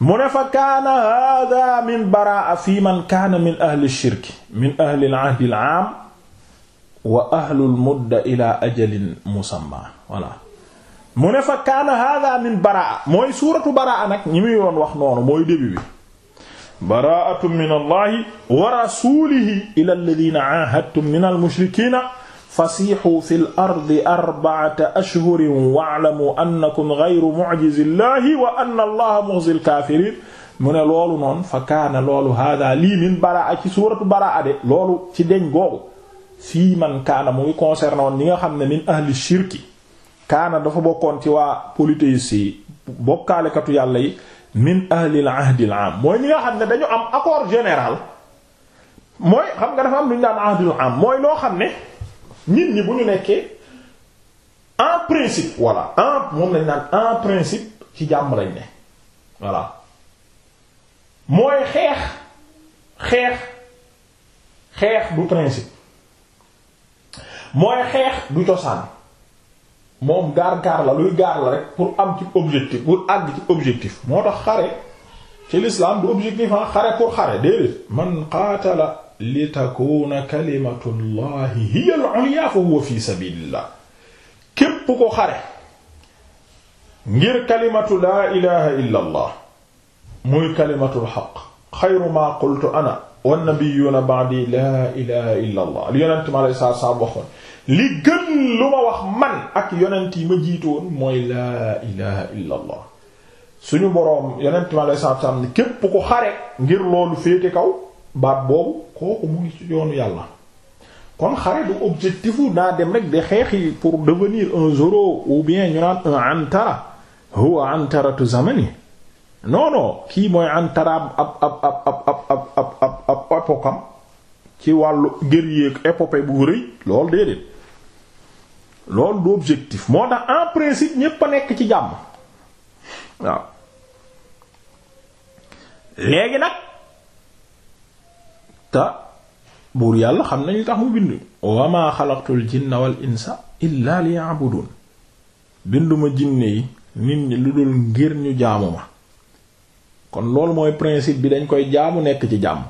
A: mu ne fa kaana hada min baraa fi man kaana min ahli shirki min ahli al ahdi al aam wa ahlul mudda ila ajalin musamma voilà mu ne fa kaana hada min baraa mooy suuratu baraa nag ñi muy yoon wax noonu mooy début bi baraatun min allahi wa rasulihi ila alladina aahadtum min almushrikina fasixuu fi l ardi arbacata ashhurin waalamu annakum gayru mucjizi llahi wa anna allaha muxzi lkaafirin mu ne loolu noonu fa kaana loolu hada lii min baraa ci suuratu baraa de loolu ci deñ googu fii man kaana mu ngi concerné woon ñi nga xam ne min ahli shirki kaana dafa bokkoon ci waa polythéistes yi bokkaalekatu yàlla yi min ahlil ahdil am mooy ñi nga xam ne dañu am accord général mooy xam nga dafa am lu daan daan ahdil am mooy loo xam ne nit ñi bu ñu nekkee en principe voilà en moom lañ naan en principe ci jàmm lañ ne voilà mooy xeex xeex xeex du principe mooy xeex du cosaan moom gaar-gaar la luy gaar la rek pour am ci objectif pour moo tax xare ci l'islam du objectif a ah, xare pour xare déedéet man qaatala li takuna kalimatullahi hiya al-ulya fa huwa fi sabilillah képp ko xare ngir kalimatu laa ilaha illa allah muy kalimatul xaq xayru ma qultu ana wannabiyuna ba'di laa ilaha illa allah li yonent ma lay saa saa li gën lu ma wax man ak yonent yi ma jiitoon mooy laa ilaha illa suñu boroom yonent mi alei satu salaam ne képp ko xare ngir loolu féete kaw baat boobu kooku mu ngi ci yoonu yàlla kon xare du objectifu naa dem rek di xeexi pour devenir un zoro ou bien ñu naan un antara huwa antaratu zamani non non kii mooy antaraam ab ab ab ab ab ab ab ab ab epokam ci wàllu guerrier épopée bu rëy loolu déedéet loolu du objectif moo tax en principe ñépp a nekk ci jàmm waaw léegi nag te buur yàlla xam nañu tax mu bind wa ma xalaqtul jinna wal insa illa liya'budun binduma jinne yi nit ñi lu dul ngir ñu jaamu ma kon loolu mooy principe bi dañ koy jaamu nekk ci jàmm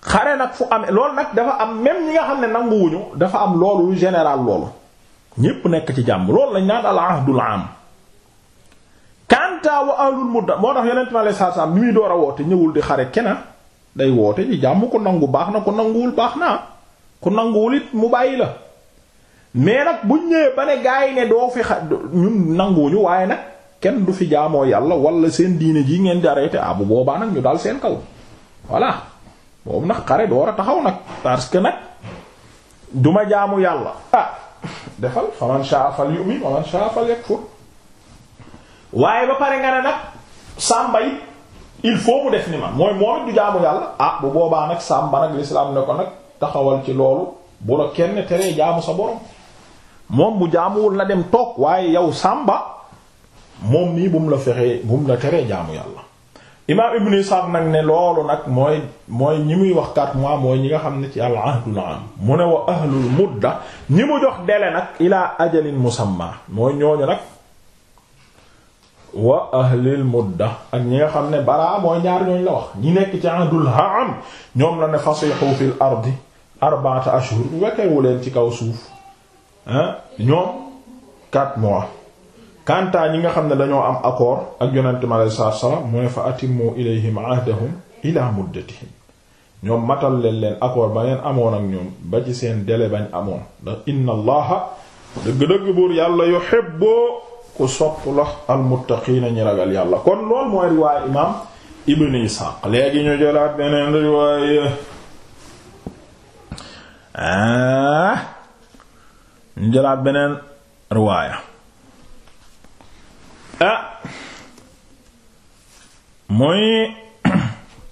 A: xare nag fu amee loolu nag dafa am même ñi nga xam ne nanguwuñu dafa am loolu lu général loolu ñépp nekk ci jàmm loolu lañ naan al ahdul am kanta wa ahlul mudda moo tax yonent mi alayhi salaam ni muy door a woote ñëwul di xare kena day woote ci jàmm ku nangu baax na ku nanguwul baax na ku nanguwul it mu bàyyi la mais nag buñ ñëwee ba ne gaa ne doo fi xa ñun nanguwuñu waaye nag kenn du fi jaamoo yàlla wala seen diine ji ngeen di arrêté ah boobaa nag ñu daal seen kaw voilà boobu nag xare door a taxaw nag parce que nag duma jaamu yàlla ah, defal faman sha'a falyu'min waman sha'a falyakfur waaye ba pare nga ne nag sàmba yi il faut mu def ni ma mooy moom it du jaamu yàlla ah bu boobaa nag sàmba nag lislaam ne ko nag taxawal ci loolu bu la kenn teree jaamu sa borom moom bu jaamuwul na dem toog waaye yow sàmba moom nii bu mu la fexee bu mu la teree jaamu yàlla imaam ibn Isaaq nag ne loolu nag mooy mooy ñi muy wax quatre mois mooy ñi nga xam ne ci al ahdul am mu ne wa ahlul mudda ñi mu jox délai nag ilaa ajalin musamma mooy ñooñu nag wa ahlil mudda ak ñi nga xam ne balaa mooy ñaar ñooñu la wax ñi nekk ci ahdul am ñoom la ne fasihu fil ardi arba'ata ashhur wekewu leen ci kaw suuf ah ñoom quatre mois kantaa ñi nga xam ne dañoo am accord ak yonente mi alei salaatu salaam mu ne fa atimmu ilayhim ahdahum ila muddatihim ñoom matal leen leen accord ba ngeen amoon ak ñoom ba ci seen délai bañ amoon ndax inna allaha dëgg-dëgg buur yàlla yuhibbu ku sopp la almuttaqiina ñi ragal yàlla kon lool mooy riwaaya imaam ibn Isaaq léegi ñu jëlaat beneen riwaaya ah, ah muy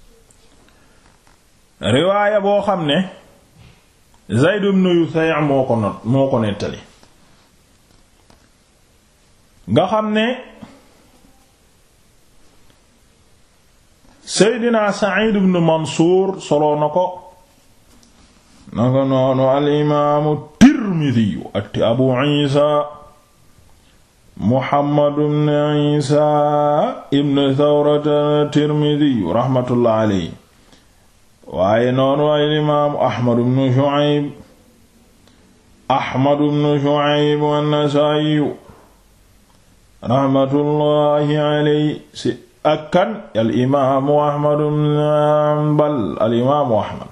A: riwaaya boo xam ne Zayd ibn Yusay' moo ko nettali nga xam ne Seydina Sa'id ibn Mansuur soloo ko na ko noonu al imaamu Tirmidi ak Abu Isa Muhammadu ibn Isa ibn Thawrata Tirmidi rahmatullah alayhi waaye noonu ay imaam Ahmadu ibn Shuayb Ahmadu ibn Shuayb an-Nasaa'i rahmatullahi alayhi si ak kan al imaamu Ahmad ibn Hanbal al imaamu Ahmad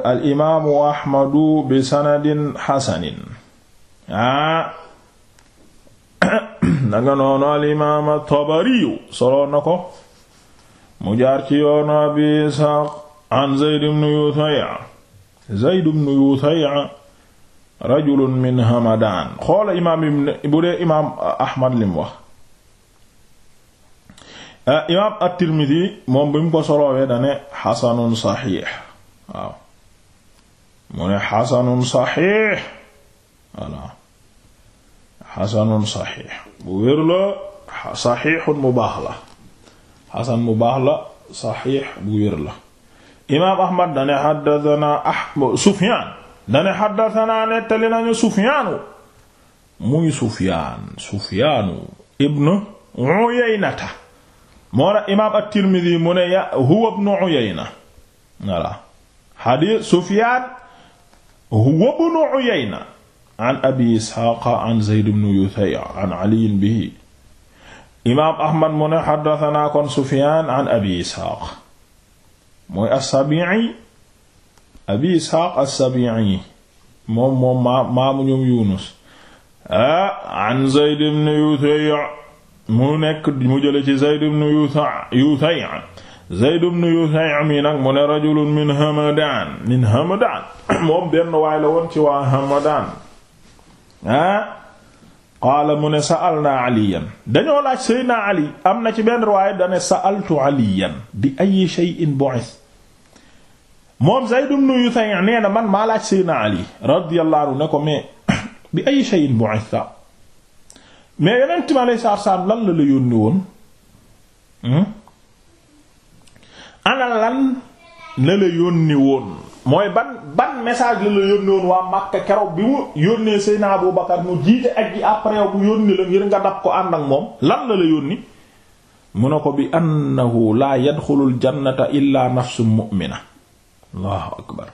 A: al imaamu Ahmadu bi sanadin hasanin ah. naka noonu al imaam at-Tabari solo na ko mu jaar ci yoonu Abi Isaaq an Zayd ibn Yuthay'a Zayd ibn Yuthay'a rajulun min Hamadaan xoola imaam ibn bu imaam Ahmad lim ah, moom bi mu ko solowee dane xasanun saxiix xasanun saxiix bu wér la saxiixun bu baax la xasan bu baax la saxiix bu wér la imaam ahmad dane xaddatanaa ah sufyaan dane xaddatanaa nettali nañu sufyaanu muy sufyaan sufyaanu ibnu uyaynata moo na imaam at-tirmidi mu ne ya huwa ibnu uyayna voilà xadiis sufyaan huwa ibnu uyayna an abi isxaaqa an zeyd bnu yuthaya an caliyin bihi imaam ahmad mu ne xaddatanaa kon sufyaan an abi isxaaq mooy assabii abi isxaaq assabii moom moom maa maamu ñoom yunus ah an zeyd bnu yuthaya mu nekk mu jële ci zeyd bnu yuthaya zeyd bnu yuthaya mi nag mu ne rajulun min hamadaan min hamadaan moom benn waay la woon ci waa hamadaan ah qaala mu ne sa'alnaa aliyan dañoo laaj seydna ali am na ci benn riwaaya dane sa'altu aliyan bi ayyi shay'in bu'ith moom Zayd ibn Yuthayy nee na man maa laaj seydna ali radiyallahu ne ko mais bi ayyi shay'in bu'ith mais yeneen time alay saar saam lan la la hmm? ana lan la la mooy ban ban message la la yónnoon waa Makka keroog bi mu yónnee Seydina Abu Bakar mu jiite ak ji après bu yónni la ngir nga dab ko ànd ak moom lan la la yónni mu ne ko bi annahu laa yadxulul jannata illaa nafsun mu'mina allahu akbar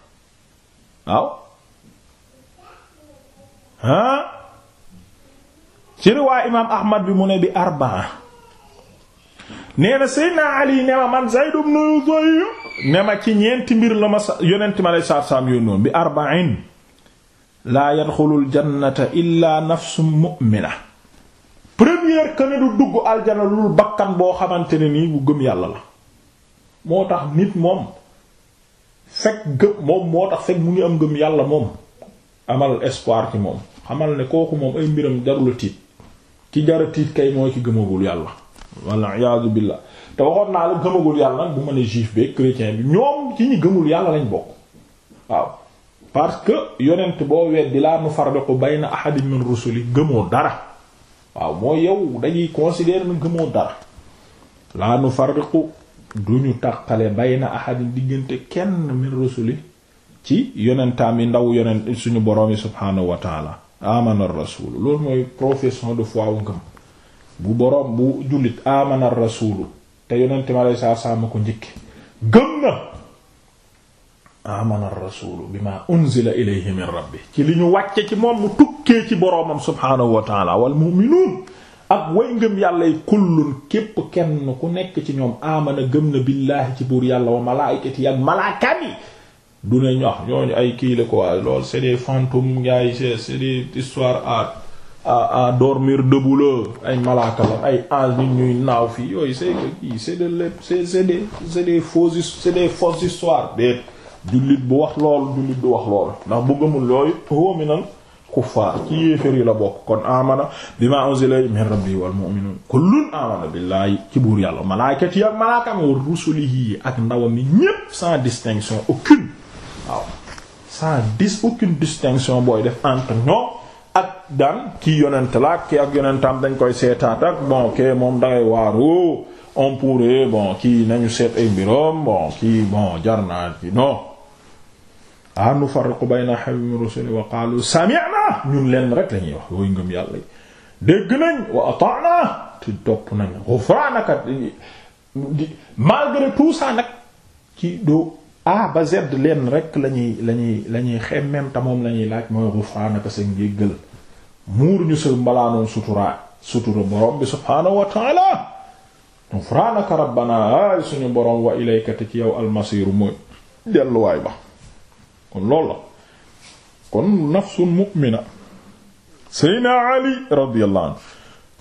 A: waaw ha ci riwaa imaam Ahmad bi mu ne bi arbaa nee na Seydina Ali ne ma man Zayd ibn Hudayr ne ma ci ñeenti mbir la ma yonent ma lay saar-saam yooyu noonu bi arba'in laa yadxulul jannata illa nafsun mu'mina première que ne du dugg aljana bakkan boo xamante ne nii bu gëm yàlla la moo tax nit moom fekk gëm moom moo tax fekk mu ngi am gëm yàlla moom amal espoir ci moom xamal ne kooku moom ay mbiram jarula tiit ki jara tiit kay mooy ki gëmagul yàlla walla iyaazu billah te waxoon naa la gëmagul yàlla nag bu ma ne juif bi chrétien bi ñoom ci ñi gëmul yàlla lañ bokk waaw parce que yonent boo weddi laa nu farriqu bayna ahadin min rusuli gëmoo dara waaw mooy yow dañuy considérer na gëmoo dara laa nu farriqu duñu tàqale bayna ahadin diggante kenn min rusuli ci yonentaam yi ndaw yonent suñu borom yi subhaanahu wa taala amana loolu mooy profession de foi wu ngëm bu boroom bu jullit amana rasulu te yonente mi alei saatu salaam ma ko njëkke gëm na amana bi bima unzila ilayhi min rabbi ci li ñu wàcce ci moom mu tukkee ci boroomam subhaanahu wa taala wal mu'minuun ak way ngëm yàlla yi kullun képp kenn ku nekk ci ñoom amana gëm na billaahi ci buur yàlla wa malaayikati ak malaakaan yi du ne ñu wax ay kii la ko waaye lool c'est des fantômes ngaay c'est des à dormir debout la ay malaaka la ay ange nit ñuy naaw fii yooyu c'est c'est de lépp c'est c'est des c'est des fausses c'est des fausses jullit bu wax loolu jullit du wax lool ndax bu gëmul yooyu huwa minal kuffaar ci yéeféer yi la bokk kon amana bima unzila min rabbi wal mu'minun kullun amana billahi ci buur yàlla malaakati ak malaakam wa rusulihi ak ndawam yi ñépp sans distinction aucune waaw sans distinction booy def entre ñoom ak daan kii yonent la kii ak yonentam dañ koy seetaat ak bon ke moom dangay waaru on pourrait bon kii nañu seet ay mbirom bon kii bon jar naa kii non ah nufarriqu bayna habibin rusuli wa qalu sami'na ñun leen rek lañuy wax yooyu ngëm yàlla yi dégg nañ wa ata'na te topp nañ ghufranaka malgré tout ça nag ci doo a ba z leen rek lañuy lañuy lañuy xem même ta moom lañuy laaj mooy ghufranaka sa njéggal muur ñu sa mbalaanoom sutura sutura ba bi subhaanahu wa taala ghufraanaka rabbana ay suñu borom wa ilayka te ci yow almasiiru mooy delluwaay ba kon loolu la kon nafsun mu'mina seyna ali radiyallahu anhu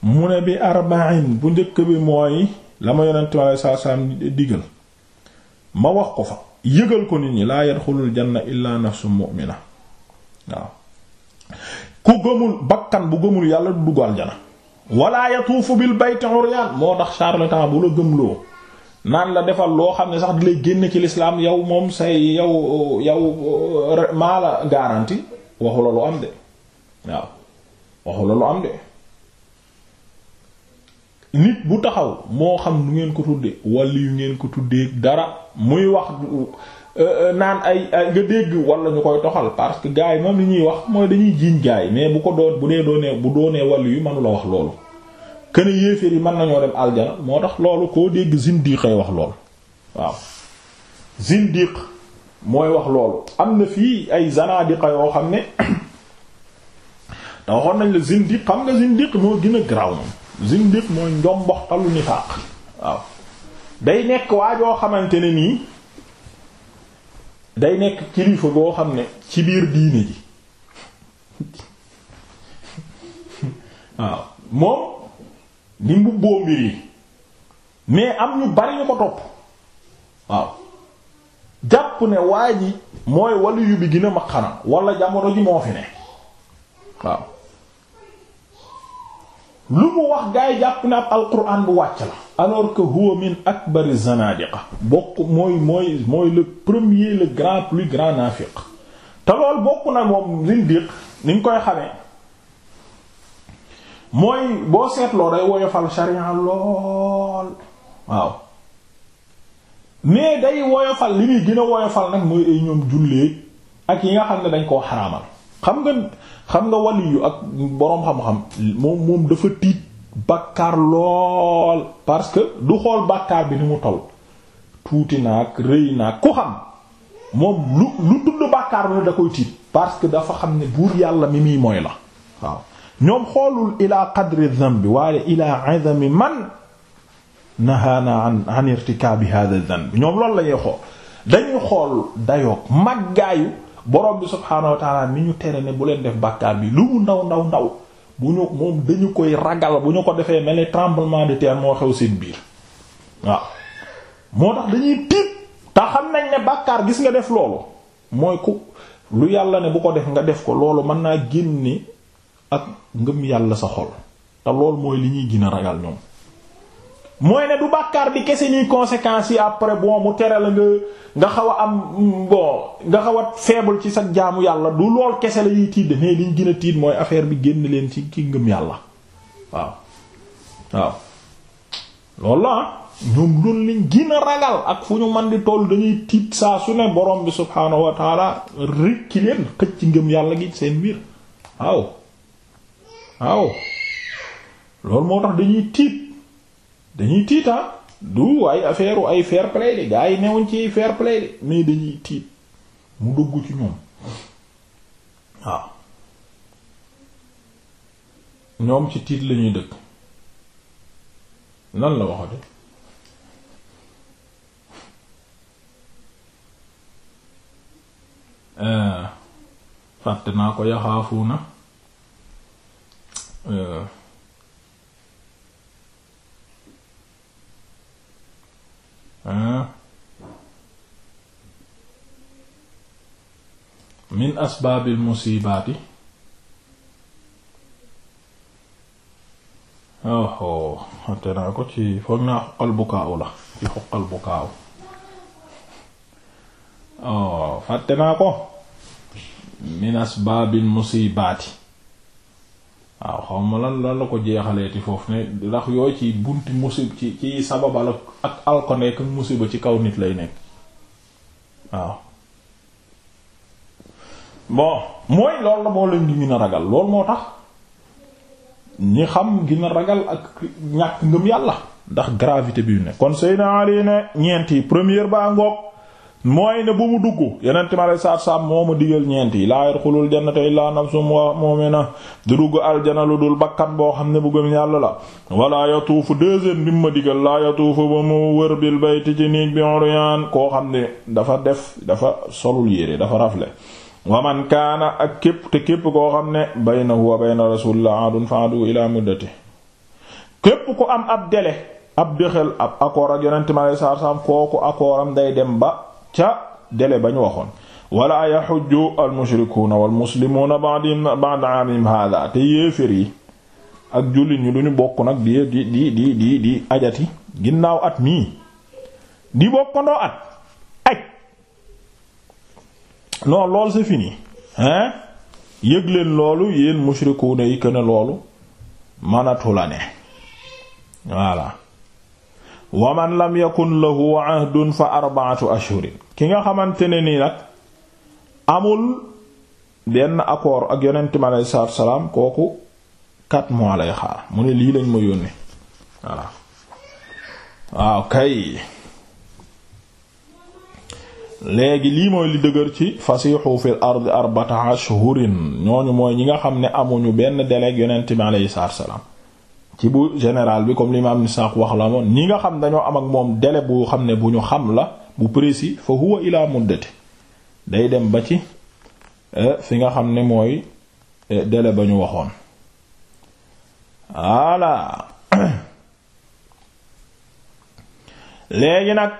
A: mu ne bi arba'in bu njëkk bi mooy la ma yonent mi alei digal ma wax ko fa yëgal ko nit ñi laa yadxulul janna illa nafsun mu'mina waaw ku gëmul bakkan bu gëmul yàlla du dugg aljana wala yatuufu bil bayti uryaan moo tax charlatan bu la gëmloo naan la defal loo xam ne sax di lay génn ci lislaam yow moom say yow yow maa garanti waxu la lu am de waaw waxu la lu am de nit bu taxaw moo xam nu ngeen ko tuddee wàll yu ngeen ko tuddee dara muy wax Euh, euh, naan ay ay nga dégg wala ñu koy toxal parce que gars yi moom li ñuy wax mooy dañuy jiiñ gaay yi mais bu ko doon bu dee doonee bu doonee wàllu yu mënu la wax loolu kën a yéeféer yi mën nañoo dem aljana moo tax loolu koo dégg zindiq ay wax lool waaw zindiq mooy wax loolu am na fii ay zanadiqa yoo xam ne da waxoon nañ la zindiq xam nga zindiq moo gën a graw moom zindiq mooy njomboxtalu nifaaq waaw day nekk waa xamante ne nii day nekk kilifa goo xam ne ci biir diine ji waaw moom ni mbubboo mbir yi mais am ñu bari ñu ko topp waaw jàpp ne waa ji mooy waliyu bi gën a xanaa wala jamono ji moo fi ne waaw lu mu wax gaa yi jàpp ne ab alquran bu wàcc la alors que huwa min akbari zanadiqa bokk mooy mooy mooy la premier le grand plus grand naafiq te lool bokk na moom zindiq ni nga koy xame mooy boo seetloo day woyofal sharia lool waaw mais day woyofal li muy gën woyofal nag mooy ay ñoom jullee ak yi nga xam ne dañ koo xaraamal xam nga xam nga waliyu ak boroom xam-xam moom moom dafa tiit bàkkaar lool parce que du xool bàkkaar bi ni mu toll tuuti naag rëy naag ku xam moom lu lu tudd bàkkaar bi da koy tiit parce que dafa xam ne buur yàlla mi muy mooy la waaw ñoom xoolul ila qadri dhanbi waaye ila azami man nahaana an an irtikaabi hadha ñoom loolu lañuy xool dañuy xool dayoog màggaayu borom bi subhaanahu wa ñu tere ne bu leen def bàkkaar bi lu mu ndaw ndaw ndaw bu ñu moom dañu koy ragal bu ñu ko defee mel ni tremblement de terre moo xew seen biir waaw moo tax dañuy tiit te xam nañ ne bàkkaar gis nga def loolu mooy ku lu yàlla ne bu ko def nga def ko loolu mën naa génne ak ngëm yàlla sa xol te lool mooy li ñuy gën a ragal ñoom mooy ne du bàkkaar bi kese ñuy conséquences yi après bon mu tere la nga nga xaw a am bon nga xaw a faible ci sa jaamu yàlla du lool kese lañuy ñuy tiit mais liñ gën a tiit mooy affaire bi génn leen ci ki ngëm yàlla waaw waaw loolu la ñoom loolu liñ gën ak fu ñu man di toll dañuy tiit saa su ne borom bi subhaanahu wa taala rikki leen ci ngëm yàlla gi seen biir waaw moo tax dañuy tiit dañuy tiitaan ah. du waaye affaire ay fair play de gars yi newuñ ci fair play de mais dañuy tiit mu dugg ci ñoom waaw ñoom ci tiit lañuy dëkk nan la waxate euh, fàtte naa ko yaxaafu na euh, min asbaabil musibaati oh xate naa ko ci foog naa xoqal bukaaw la ci xoqal bukaaw oh, fàtte naa ko min asbaabil musibaati waaw xaw ma lan lan la ko jeexaleeti foofu ne ndax yooyu ci bunti musib ci ci sababal ak alkoneek musiba ci kaw nit lay nekk waaw bon mooy loolu la boo leen di gën a ragal loolu moo tax ñi xam gën ragal ak ñàkk ngëm yàlla ndax gravité bi ne kon Seydina Ali ne ñeenti première ba ngoog mooy ne bu mu dugg yeneen ma lay saar moo ma digal ñeent yi laa yarxulul jannata illaa nafsum wa mu'mina du dugg aljana lu dul bakkat boo xam ne bu gëm yàlla la wala yatuufu deuxième bi mu ma digal laa ba mu wër bil bayti ci néeg bi uryaan koo xam ne dafa def dafa solul yére dafa rafle waman kaana ak képp te képp koo xam ne baynahu wa bayna rasulillah adun fa'du ila muddati képp ku am ab délai ab dëxel ab accord ak yonente mi alei saatu day dem ca délai ba ñu waxoon wala yaxujju al mushrikuuna wal muslimuuna ba'da ba'da aamihim te yéefér yi ak jullit ñi duñu bokk nag di di di di ajati ginnaaw at mii di bokkandoo at aj non loolu c'est fini hein yëg leen loolu yéen mushrikuuna yi que loolu mënatu la wa man lam yakun lahu ahdun fa arba'atu ashhurin ki nga xamante ne nii nag amul benn accord ak yonent mi aleyhi salaatu salaam kooku quatre mois lay xaar mu ne lii lañ ma yónnee voilà waaw kay léegi lii mooy li dëgër ci fasiixu fil ardi arbata ashhurin ñooñu mooy ñi nga xam ne amuñu benn délai ak yonent mi aleyhi salaatu salaam ci bu général bi comme l'imam Nisak wax la moom ñi nga xam dañoo am ak moom délai bu xam ne bu ñu xam la. bu précis fa huwa ila muddati day dem ba ci eh, fi nga xam ne mooy eh, délai ba ñu waxoon voilà léegi nag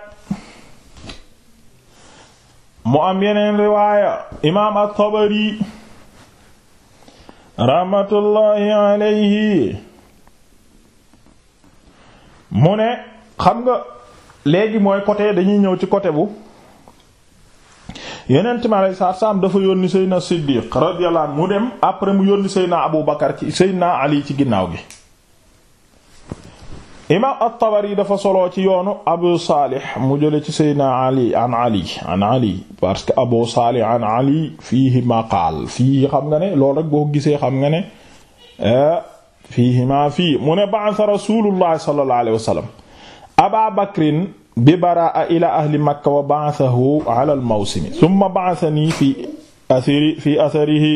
A: mu am yeneen riwaaya imaam at-Tabari rahmatullahi alayhi mu ne xam nga léegi mooy côté dañuy ñëw ci côté bu yeneen mi alei saatu salaam dafa yónni Seydina Siddiq radiyallahu anhu mu dem après mu yónni Seydina Abu Bakar ci Seydina Ali ci ginnaaw gi imaam at yi dafa solo ci yoonu Abu Salih mu jële ci Seydina Ali an Ali parce que Abu Salih an Ali fiihi maqaal fii xam nga ne loolu rek boo gisee xam nga ne eh, fiihi ma fii mu ne ba'atha Rasulullah sallallahu alayhi wa sallam aba bakrin bi baraa ila ahli makka wa ba'athahu ala al-mawsimi thumma ba'athani fi athari fi atharihi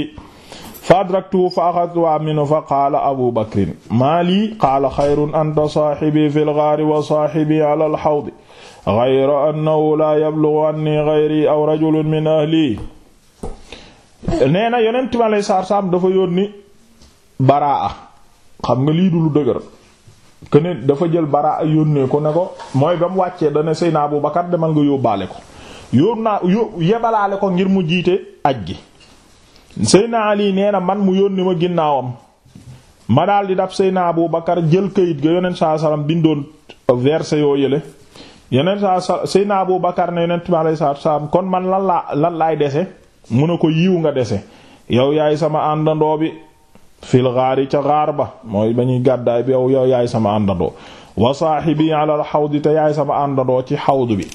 A: fa adraktuhu fa akhadhtu minhu fa qaala abu bakrin maa lii qaala khayrun anta saahibi fi al-ghaari wa saahibi ala al-hawdi ghayra annahu laa yablughu anni ghayri aw rajulun min ahli nee na yonent ma lay saar saam dafa yónni baraa xam nga lii du lu dëgër que dafa jël bara yónnee ko ne ko mooy ba mu wàccee dana Seyna Abu Bakar demal nga yóbbaale ko yóbbu naa yebalaale ko ngir mu jiite aj gi naa Ali nee na man mu yónni ma ginnaawam ma daal di dab Seyna Abu Bakar jël kayit ga yonent saa salaam bindoon verset yoo yële yeneen saa Seyna Abu Bakar ne yonent bi salaam kon man lan laa lan laay dese mu ne ko yiw nga dese yow yaay sama àndandoo bi. fil gaari gaar ba mooy ba ñuy gàddaay bi yow yow yaay sama àndandoo wa saaxibi alal sama àndandoo ci xawdu bi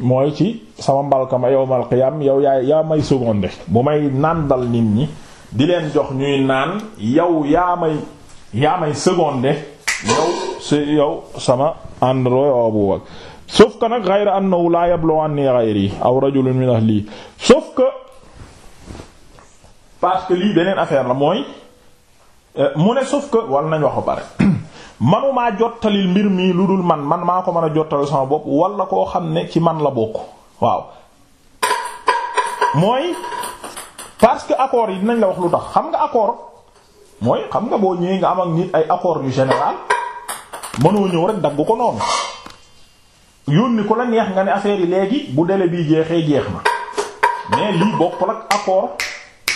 A: mooy ci sama mbalka ma yowmal qiyam yow yaay yaa may seconde bu may nàndal nit ñi di leen jox ñuy naan yow yaa may yaa may seconde sama àndandoo yow Abu Bakr sauf que nag ghayra annahu la yablu anni ghayri aw rajulun min ahli sauf que parce que lii beneen affaire la mooy Euh, mu ne sauf que wala nañ wax ba pare manumaa jottalil mbir mii lu dul man man maa ko mën a jottalil sama bopp wala koo xam ne ci man la bokk waaw mooy parce que accords yi dinañ la wax lu tax xam nga accord mooy xam nga boo ñëwee nga am ak nit ay accords yu général mënoo ñëw rek dagg ko noonu yónni ko la neex nga ne affaire yi léegi bu délai bi jeexee jeex na mais lii bokk ak accord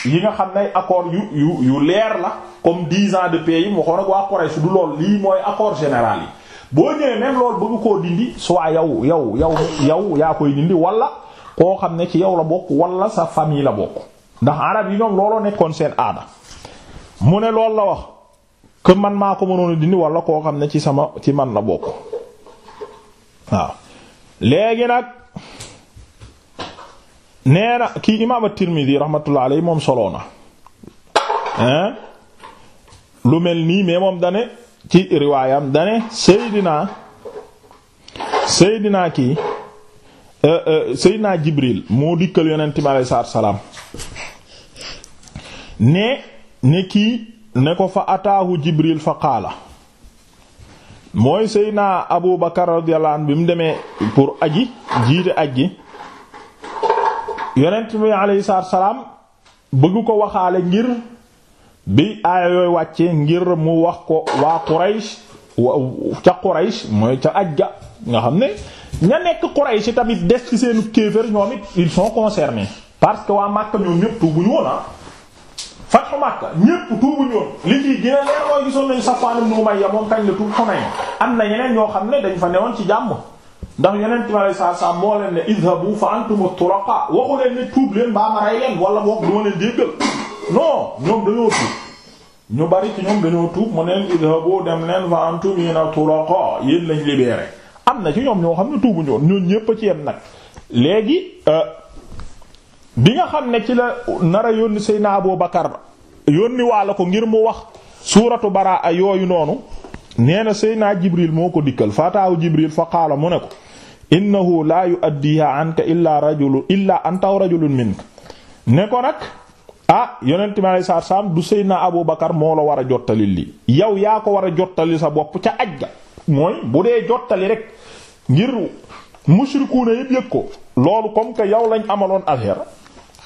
A: yi nga xam ne accord yu yu yu leer la comme dix ans de paix yi mu waxoon ak waa Quraysh du lool lii mooy accord général yi boo ñëwee même loolu bëgg koo dindi soit yow yow yow yow yaa koy dindi walla koo xam ne ci yow la bokk wala sa famille la bokk ndax arab yi ñoom looloo nekkoon seen aada mu ne loolu la wax que maa ko mënoon dindi wala koo xam ne ci sama ci man la bokk waaw léegi nag nee kii imaam at-Tirmidhi rahmatullah alayhi moom soloo na lu mel nii mais moom dane ci riwaayam dane Seydina Seydina kii euh, euh, Seydina Jibril moo dikkal yonent mi alayhi salaatu salaam ne ne kii ne ko fa ataahu Jibril fa qaala mooy Seydina Abu Bakar radiyallahu anhu bi mu demee pour aji jiite gi yonent bi alayhi salaam bëgg ko waxaale ngir bi aaya yooyu wàcce ngir mu wax ko waa Quraysh ca Quraysh mooy ca ajja nga xam ne ña nekk Quraysh tamit des ci seenu kéefër ñoom it ils soo concernés parce que waa Makka ñoom ñëpp tuubuñu woon ah fatxu Makka ñëpp tuubuñu woon li ci gën a leer mooy gisoon nañu Safwaan ibn Umayya moom kañ la tuub Hunayn am na yeneen ñoo xam ne dañ fa newoon ci jàmm ndax yeneen tubaab yi sax saa moo leen ne idhabu fa antumu turaqa waxu leen ne tuub leen baa ma leen wala boog du ma déggal non ñoom dañoo tuub ñu bari ci ñoom dañoo tuub mu neen idhabu dem leen fa antum yéena turaqa yéen lañ libéré am na ci ñoom ñoo xam ne tuubuñu woon ñun ñépp ci yem nag léegi euh, bi nga xam ne ci la nara yónni Seydina Abu Bakar yónni waa la ko ngir mu wax suuratu baraa yooyu noonu. nee na Seydina Jibril moo ko dikkal fataaw Jibril fa qaala mu ne ko innahu laa yu'addiha anka illaa rajulun illaa anta aw rajulun minka ne ko nag ah yonent mi alayhi salaatu salaam du Seydina Abu Bakar moo la war a jottali lii yow yaa ko war a jottali sa bopp ca ajja mooy bu dee jottali rek ngir mushrikuuna yëpp yëg ko loolu comme que yow lañ amaloon affaire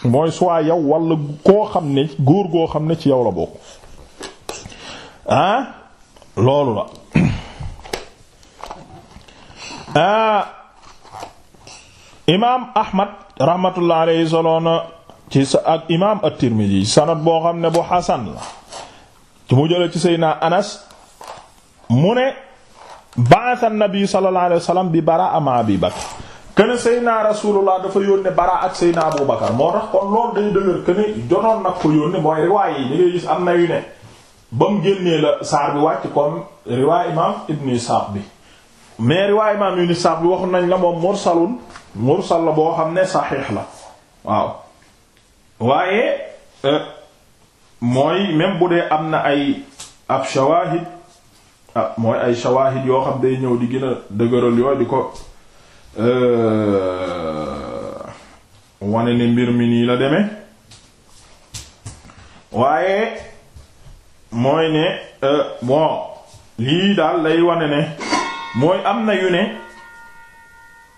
A: mooy soit yow wala koo xam ne góor goo xam ne ci yow la bokk ah? loolu la ah imaam Ahmad rahmatullah aleyhi soloona ci sa ak imaam at-Tirmidhi sanad boo xam ne bu xasan la ci mu jële ci Seydina Anas mu ne ba'atha an-nabi sallallahu alayhi wasallam bi Baraa ma Abi Bakr kene Seydina Rasulullah dafa yónne Baraa ak Seydina Abu Bakar moo tax kon loolu day dëgër kene jonoon nag ko yónne mooy riwaay yi ñu ngi gis am na yu ne ba mu génnee la saar bi wàcc comme riwaay imaam ibnu Isaaq bi mais riwaay imaam ibnu Isaaq bi waxu nañ la moom mursalun mursal la boo xam ne saxiix la waaw waaye euh, mooy même bu dee am na ay ab shawaahid ah mooy ay shawaahid yoo xam day ñëw di gën a dëgëral yooyu di ko euh, wane ne mbir mi nii la demee waaye mooy ne euh, bon lii daal lay wane ne mooy am na yu ne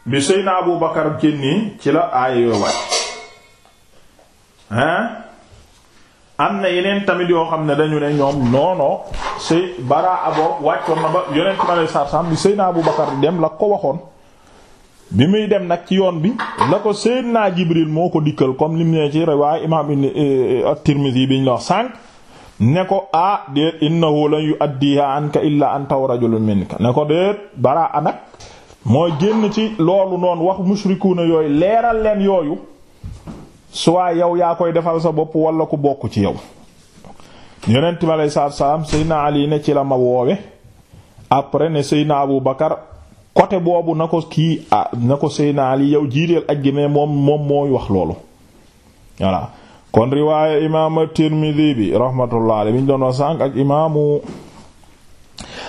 A: bi Seydina Abu Bakar génnee ci la aaya yooyu wàcc hein am na yeneen tamit yoo xam ne dañu ne ñoom noono sëy bara abo wàccoon na ba yonent ma lay sarsam bi Seydina Abu Bakar dem la ko waxoon bi muy dem nag ci yoon bi la ko Seydina Jibril moo ko dikkal comme lim ne ci riwaay imaam eh, eh, At-Tirmidhi biñ la wax sànq ne ko ah déet innahu lan yu'addiha anka illa anta wa rajulun ne ko déet bara anak mooy génn ci loolu noonu wax mushrikuuna yooyu leeral leen yooyu soit yow yaa koy defal sa bopp walla ku bokk ci yow yonent mi aleyhi salaatu salaam Seydina Ali ne ci la ma woowe après ne Seydina Abu Bakar côté boobu na ko kii ah na ko Seydina Ali yow jiiteel ak gi moom moom mooy wax loolu voilà kon riwaaya imaam at bi rahmatullah alayhi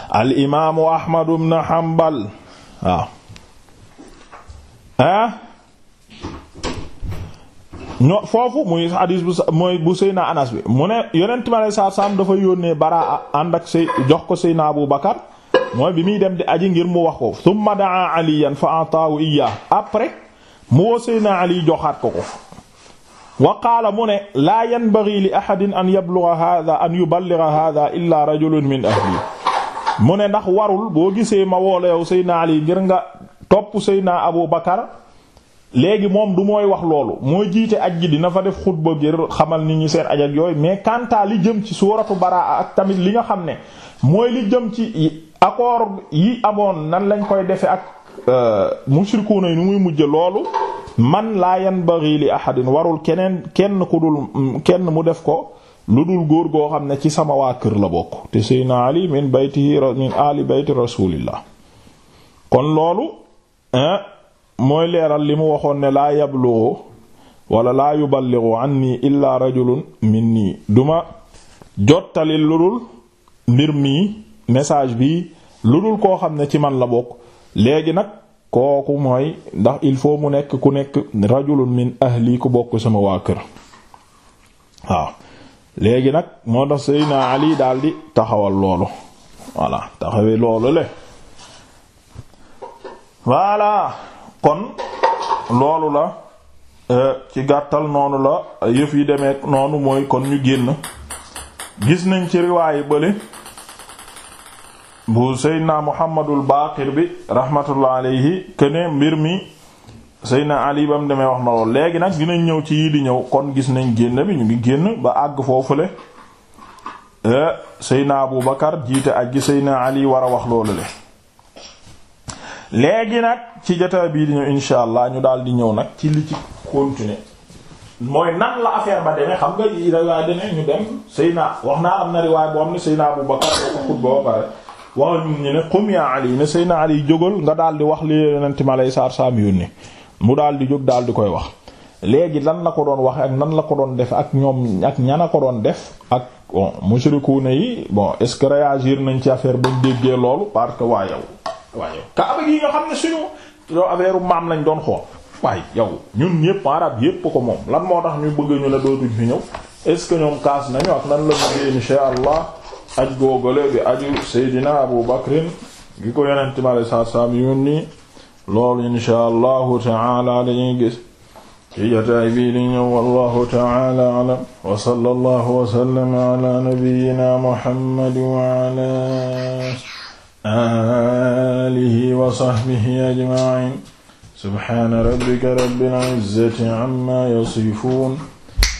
A: al imaamu Ahmad ibn Hanbal waaw ah foofu mooy bu Seyna Anas bi mu ne yonent mi alayhi salaatu salaam dafa yónnee baraa ànd ak jox ko Seyna Abu Bakar mooy bi muy dem di aji ngir mu wax ko thumma daa aliyan fa ataahu iya après mu woo Seyna Ali joxaat ko ko wa mu ne laa yanbaghi li ahadin an yablugha hadha an yuballigha hadha illa rajulun min ahli mu ne ndax warul boo gisee ma woola yow naa Ali ngir nga topp naa Abu Bakar léegi moom du mooy wax loolu mooy jiite aj ji dina fa def xutba ngir xamal nit ñi seen ajal yooyu mais kanta li jëm ci suuratu baraa ak tamit li nga xam ne mooy li jëm ci accord yi amoon nan lañ koy defe ak Euh, mushrikuuna yi nu muy mujj loolu man laa yanbaghi li ahadin warul keneen kenn ku kenn mu def ko lu dul góor goo xam ne ci sama waa kër la bokk te sayna ali min baytihi min ali bayti rasulillah kon loolu mooy leeral li mu waxoon ne laa yablughu wala laa yuballighu anni illa rajulun nii duma jottali lu dul mbir mi message bi lu dul koo xam ne ci man la bokk léegi nag kooku mooy ndax il faut mu nekk ku nekk rajulun min ahli ku bokk sama waa kër waaw léegi nag moo tax Seydina Ali daldi taxawal loolu voilà taxawee loolu le voilà kon loolu la euh, ci gàttal noonu la yëf yi demee noonu mooy kon ñu génn gis nañ ci riwaayu bële bu seydna muhammadul baaqir bi rahmatullah alayhi këne mbir mi seydna ali bam demee wax na lool léegi nag dinañ ñëw ci yii di ñëw kon gis nañ génn bi ñu ngi génn ba àgg foofule eh, seydna abu bakar jiite ak gi seydna ali war a wax loolu le léegi nag ci jotaay bii di ñëw insha allah ñu daal di ñëw nag ci li ci continuer mooy nan la affaire ba demee xam nga riwaay dene ñu dem seydna wax naa am na riwaay boo xam ne seydna abu bakar xutba ba pare waa ñun ñu ne qum yaa ali ne Seydina Ali jógal nga daal di wax li yonent mi alayhi salaatu salaam ni mu daal di jóg daal di koy wax. léegi lan la ko doon waxe ak nan la ko doon def ak ñoom ak ñan a ko doon def ak bon mushrikuuna yi bon est-ce que réagir nañ ci affaire bañ déggee loolu parce que waa yow. waa yow kaaba gi nga xam ne suñu yow affaire maam lañ doon xool waaye yow ñun ñëpp arab yëpp ko moom lan moo tax ñu bëgg ñu ne dootuñ fi ñëw est-ce que ñoom kaas nañu ak nan la bëggee incha allah. aj googale bi aju seydina abu bakrin gi ko yonent mi alei saatu salaam yónni loolu inshaa allahu taala dañuy gis ci jotaay bii di ñëw wallahu taala alam wa sallallahu wa sallama ala nabiyyina muhammad wa ala alihi wa sahbihi ajma'in subhana rabbika rabbil izzati amma yasifun